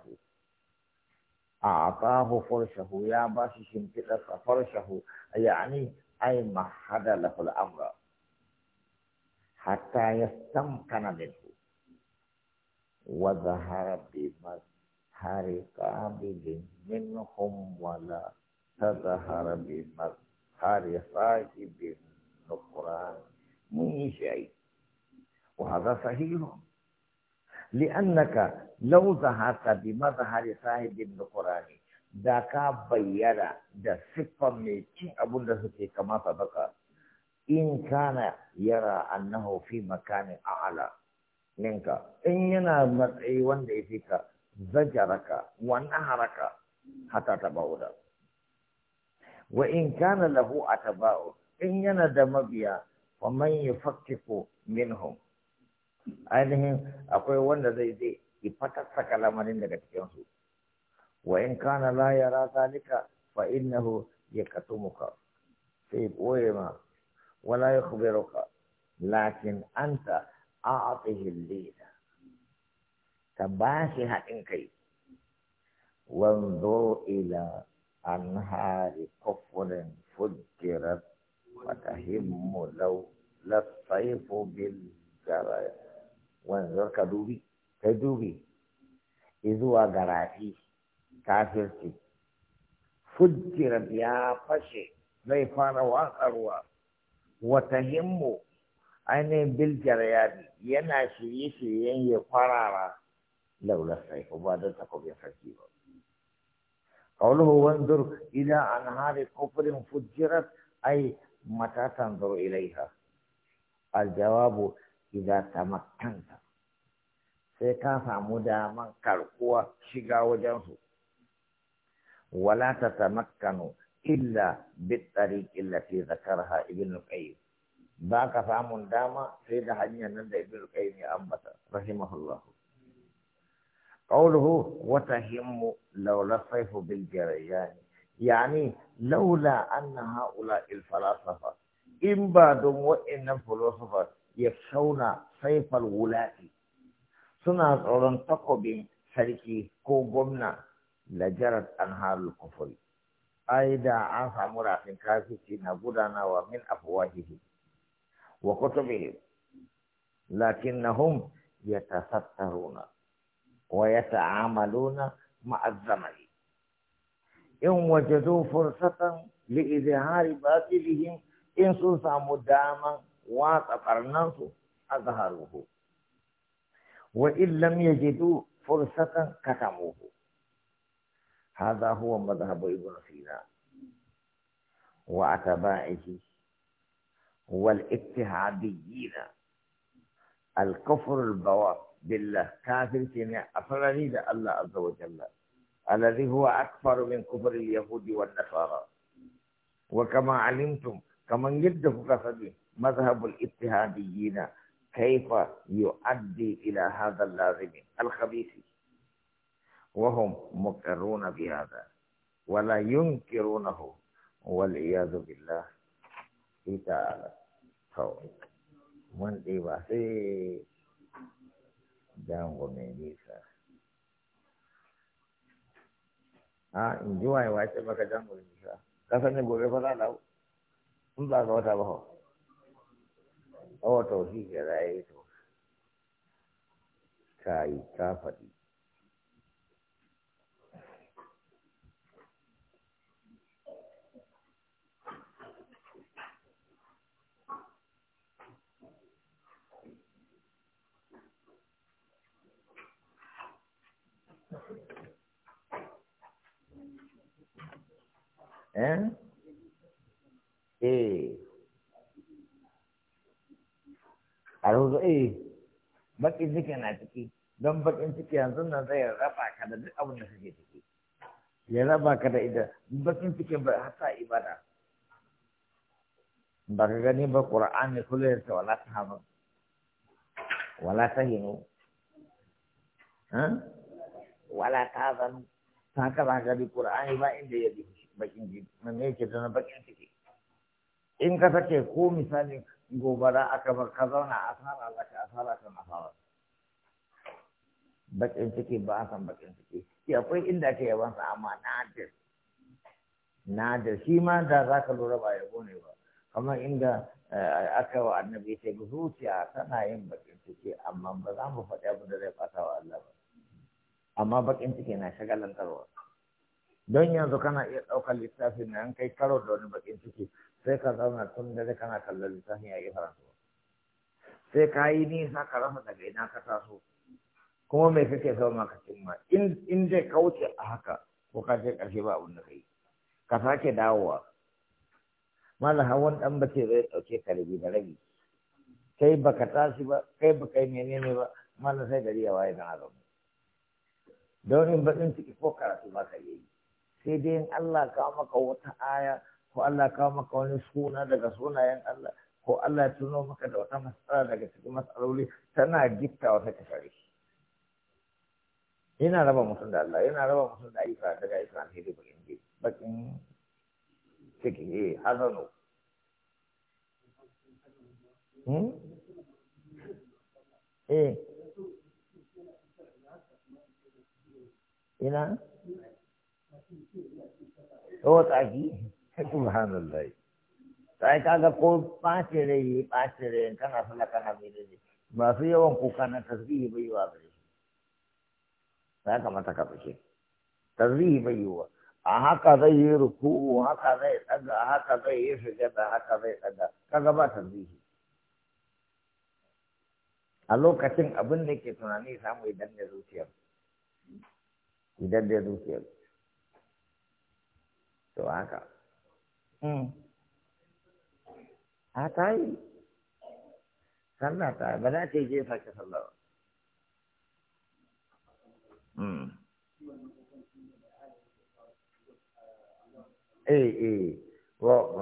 أعطاه فرشه يا باشي شمتلك فرشه يعني أي مهد له الأمر حتى يستمكن منه وظهر بمظهر قابل منهم ولا تظهر بمظهر صاحب نكران من شيء وهذا صحيح لأنك لو ظهرت بمظهر صاحب النكران ذاك بيّر ده صفة من أبو الله كما سبق in kana yara annahu fi makanin a'ala ninka in yana matsayi wanda ya fika zajaraka wa naharaka hatta tabauda wa in kana lahu atba'u in yana da mabiya wa man yafakku minhum ainihin akwai wanda zai je ifatarsa lamarin daga cikin su wa in kana la yara zalika fa innahu yakatumuka sai boye ma ولا يخبرك لكن أنت أعطه الليلة تباشها إنكي وانظر إلى أنهار كفر فجرت وتهم لو للصيف بالجرى وانظر كدوبي كدوبي اذ غرافي كافرتي فجرت يا فشي ليفان واخر واخر wata himmu ainihin bil jaryadi yana shirye-shiryen ya kwarara laular saifu ba da takobin sarki ba. Kauluhu wanzur ila an hari kofurin fujirat ai mata tanzuru ilaiha. Aljawabu idza tamakkanta sai ka samu daman karkuwa shiga wajensu. Wala ta tamakkanu إلا بالطريق التي ذكرها ابن القيم باك فام داما سيد حجنا نند ابن القيم يا أنبت رحمه الله قوله وتهم لولا الصيف بالجريان يعني لولا أن هؤلاء الفلاسفة إن بعدهم وإن الفلاسفة يخشون صيف الولاة سنة تقبين سركي كو قمنا لجرت أنهار الكفر aida da an samu rafin kafirci na gudanawa min afwahihi wa kutubihi lakinnahum yatasattaruna wa yata'amaluna ma'a zamani in wajadu fursatan li izhari batilihim in sun samu daman watsa su azharuhu wa in lam yajidu fursatan katamuhu هذا هو مذهب ابن سينا وأتباعه والاتهاديين الكفر البواط بالله كافر كنا أصلني الله عز وجل الذي هو أكبر من كفر اليهود والنصارى وكما علمتم كما يد في مذهب الاتهاديين كيف يؤدي إلى هذا اللازم الخبيث وهم مقرون بهذا ولا ينكرونه والعياذ بالله تعالى هو طيب. من دي واسي جام غني ليسا ها آه، جوا اي واسي ما كان غني ليسا كفن غوي فلا لو ان لا غوتا بهو او تو هي جاي تو كاي كافدي eh eh a ruzu eh bakin ciki na ciki don bakin ciki yanzu nan zai raba ka da duk abin da kake ciki ya raba ka da ita bakin ciki ba hasa ibada ba ka gani ba qur'ani kullu ta wala ta haba wala ta hinu ha wala ta zanu ta ka ba ka bi qur'ani ba inda ya bi bakin ne yake da bakin ciki in ka sake ko misali gobara aka bar ka zauna a asara laka a sara kan asara bakin ciki ba a san bakin ciki shi akwai inda ake yaban sa amma na na nadir shi ma da za ka lura ba yabo ne ba kamar inda eh, aka wa annabi ga zuciya tana yin bakin ciki amma ba za mu faɗi abu da zai fata wa Allah ba amma bakin ciki na shagalantarwa don yanzu kana iya ɗaukar littafin na yankai karo da wani bakin ciki sai ka zauna tun da zai kana kallon littafin ya yi faransu sai ka yi nisa ka rasa daga ina ka taso kuma mai kake zama maka ka cimma in dai ka wuce a haka ko ka je ƙarshe ba abin da kai ka sake dawowa Malam hawan dan bace zai ɗauke ka rabi da rabi kai baka tashi ba kai baka yi menene ba Malam sai gari ya waye kana zaune don in bakin ciki ko karatu ba ka yi sai dai in Allah ka maka wata aya ko Allah ka maka wani suna daga sunayen Allah ko Allah ya tuno maka da wata matsala daga cikin matsaloli tana gitta wata tashari yana raba mutum da Allah yana raba mutum da ayyuka daga ayyuka alheri bakin bakin ciki eh hazano hmm? eh ina to tsaki subhanallah sai kaga ko ɓace rai ɓace rai kana sallah kana mai masu yawan kuka na tasbihi bai yiwa gare shi ya kamata ka fice tasbihi bai yiwa a haka zai yi ruku'u haka zai tsaga haka zai yi sujada haka zai tsaga kaga ba tasbihi a lokacin abin da ke tunani samu idan da zuciyar to haka hmm. a ta yi sallah ta ba za ta yi jefa ka sallah ba hmm. eh eh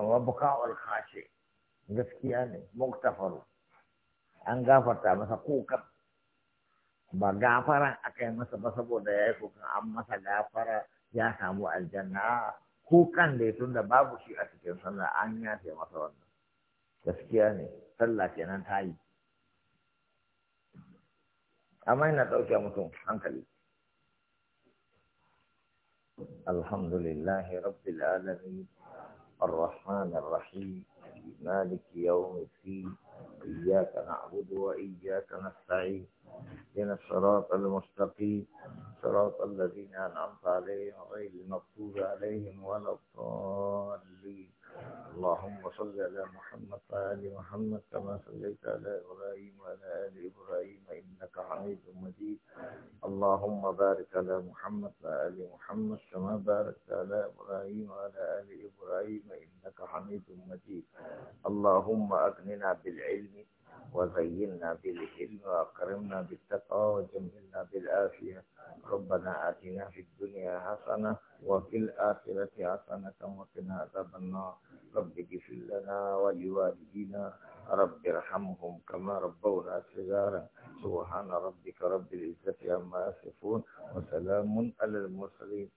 wa buka'ul gaskiya ne muktafaru an gafarta masa kuka ba gafaran aka yi masa ba saboda ya yi an masa gafara ya samu aljanna kukan da ya tunda babu shi a cikin sallah an ya ce masa wannan gaskiya ne sallah kenan ta yi amma ina ɗauke mutum hankali Alhamdulillahi rabbil alamin العالمين الرحمن الرحيم مالك يوم الدين إياك نعبد وإياك اهدنا الصراط المستقيم صراط الذين أنعمت عليهم غير المغضوب عليهم ولا الضالين اللهم صل على محمد وآل محمد كما صليت على إبراهيم وعلى آل إبراهيم إنك حميد مجيد اللهم بارك على محمد وآل محمد كما باركت على إبراهيم وعلى آل إبراهيم إنك حميد مجيد اللهم أغننا بالعلم وزينا بالعلم وأكرمنا بالتقوى وجملنا بالعافية ربنا آتنا في الدنيا حسنة وفي الآخرة حسنة وقنا عذاب النار رب اغفر لنا ولوالدينا رب ارحمهم كما ربونا صغارا سبحان ربك رب العزة عما يصفون وسلام على المرسلين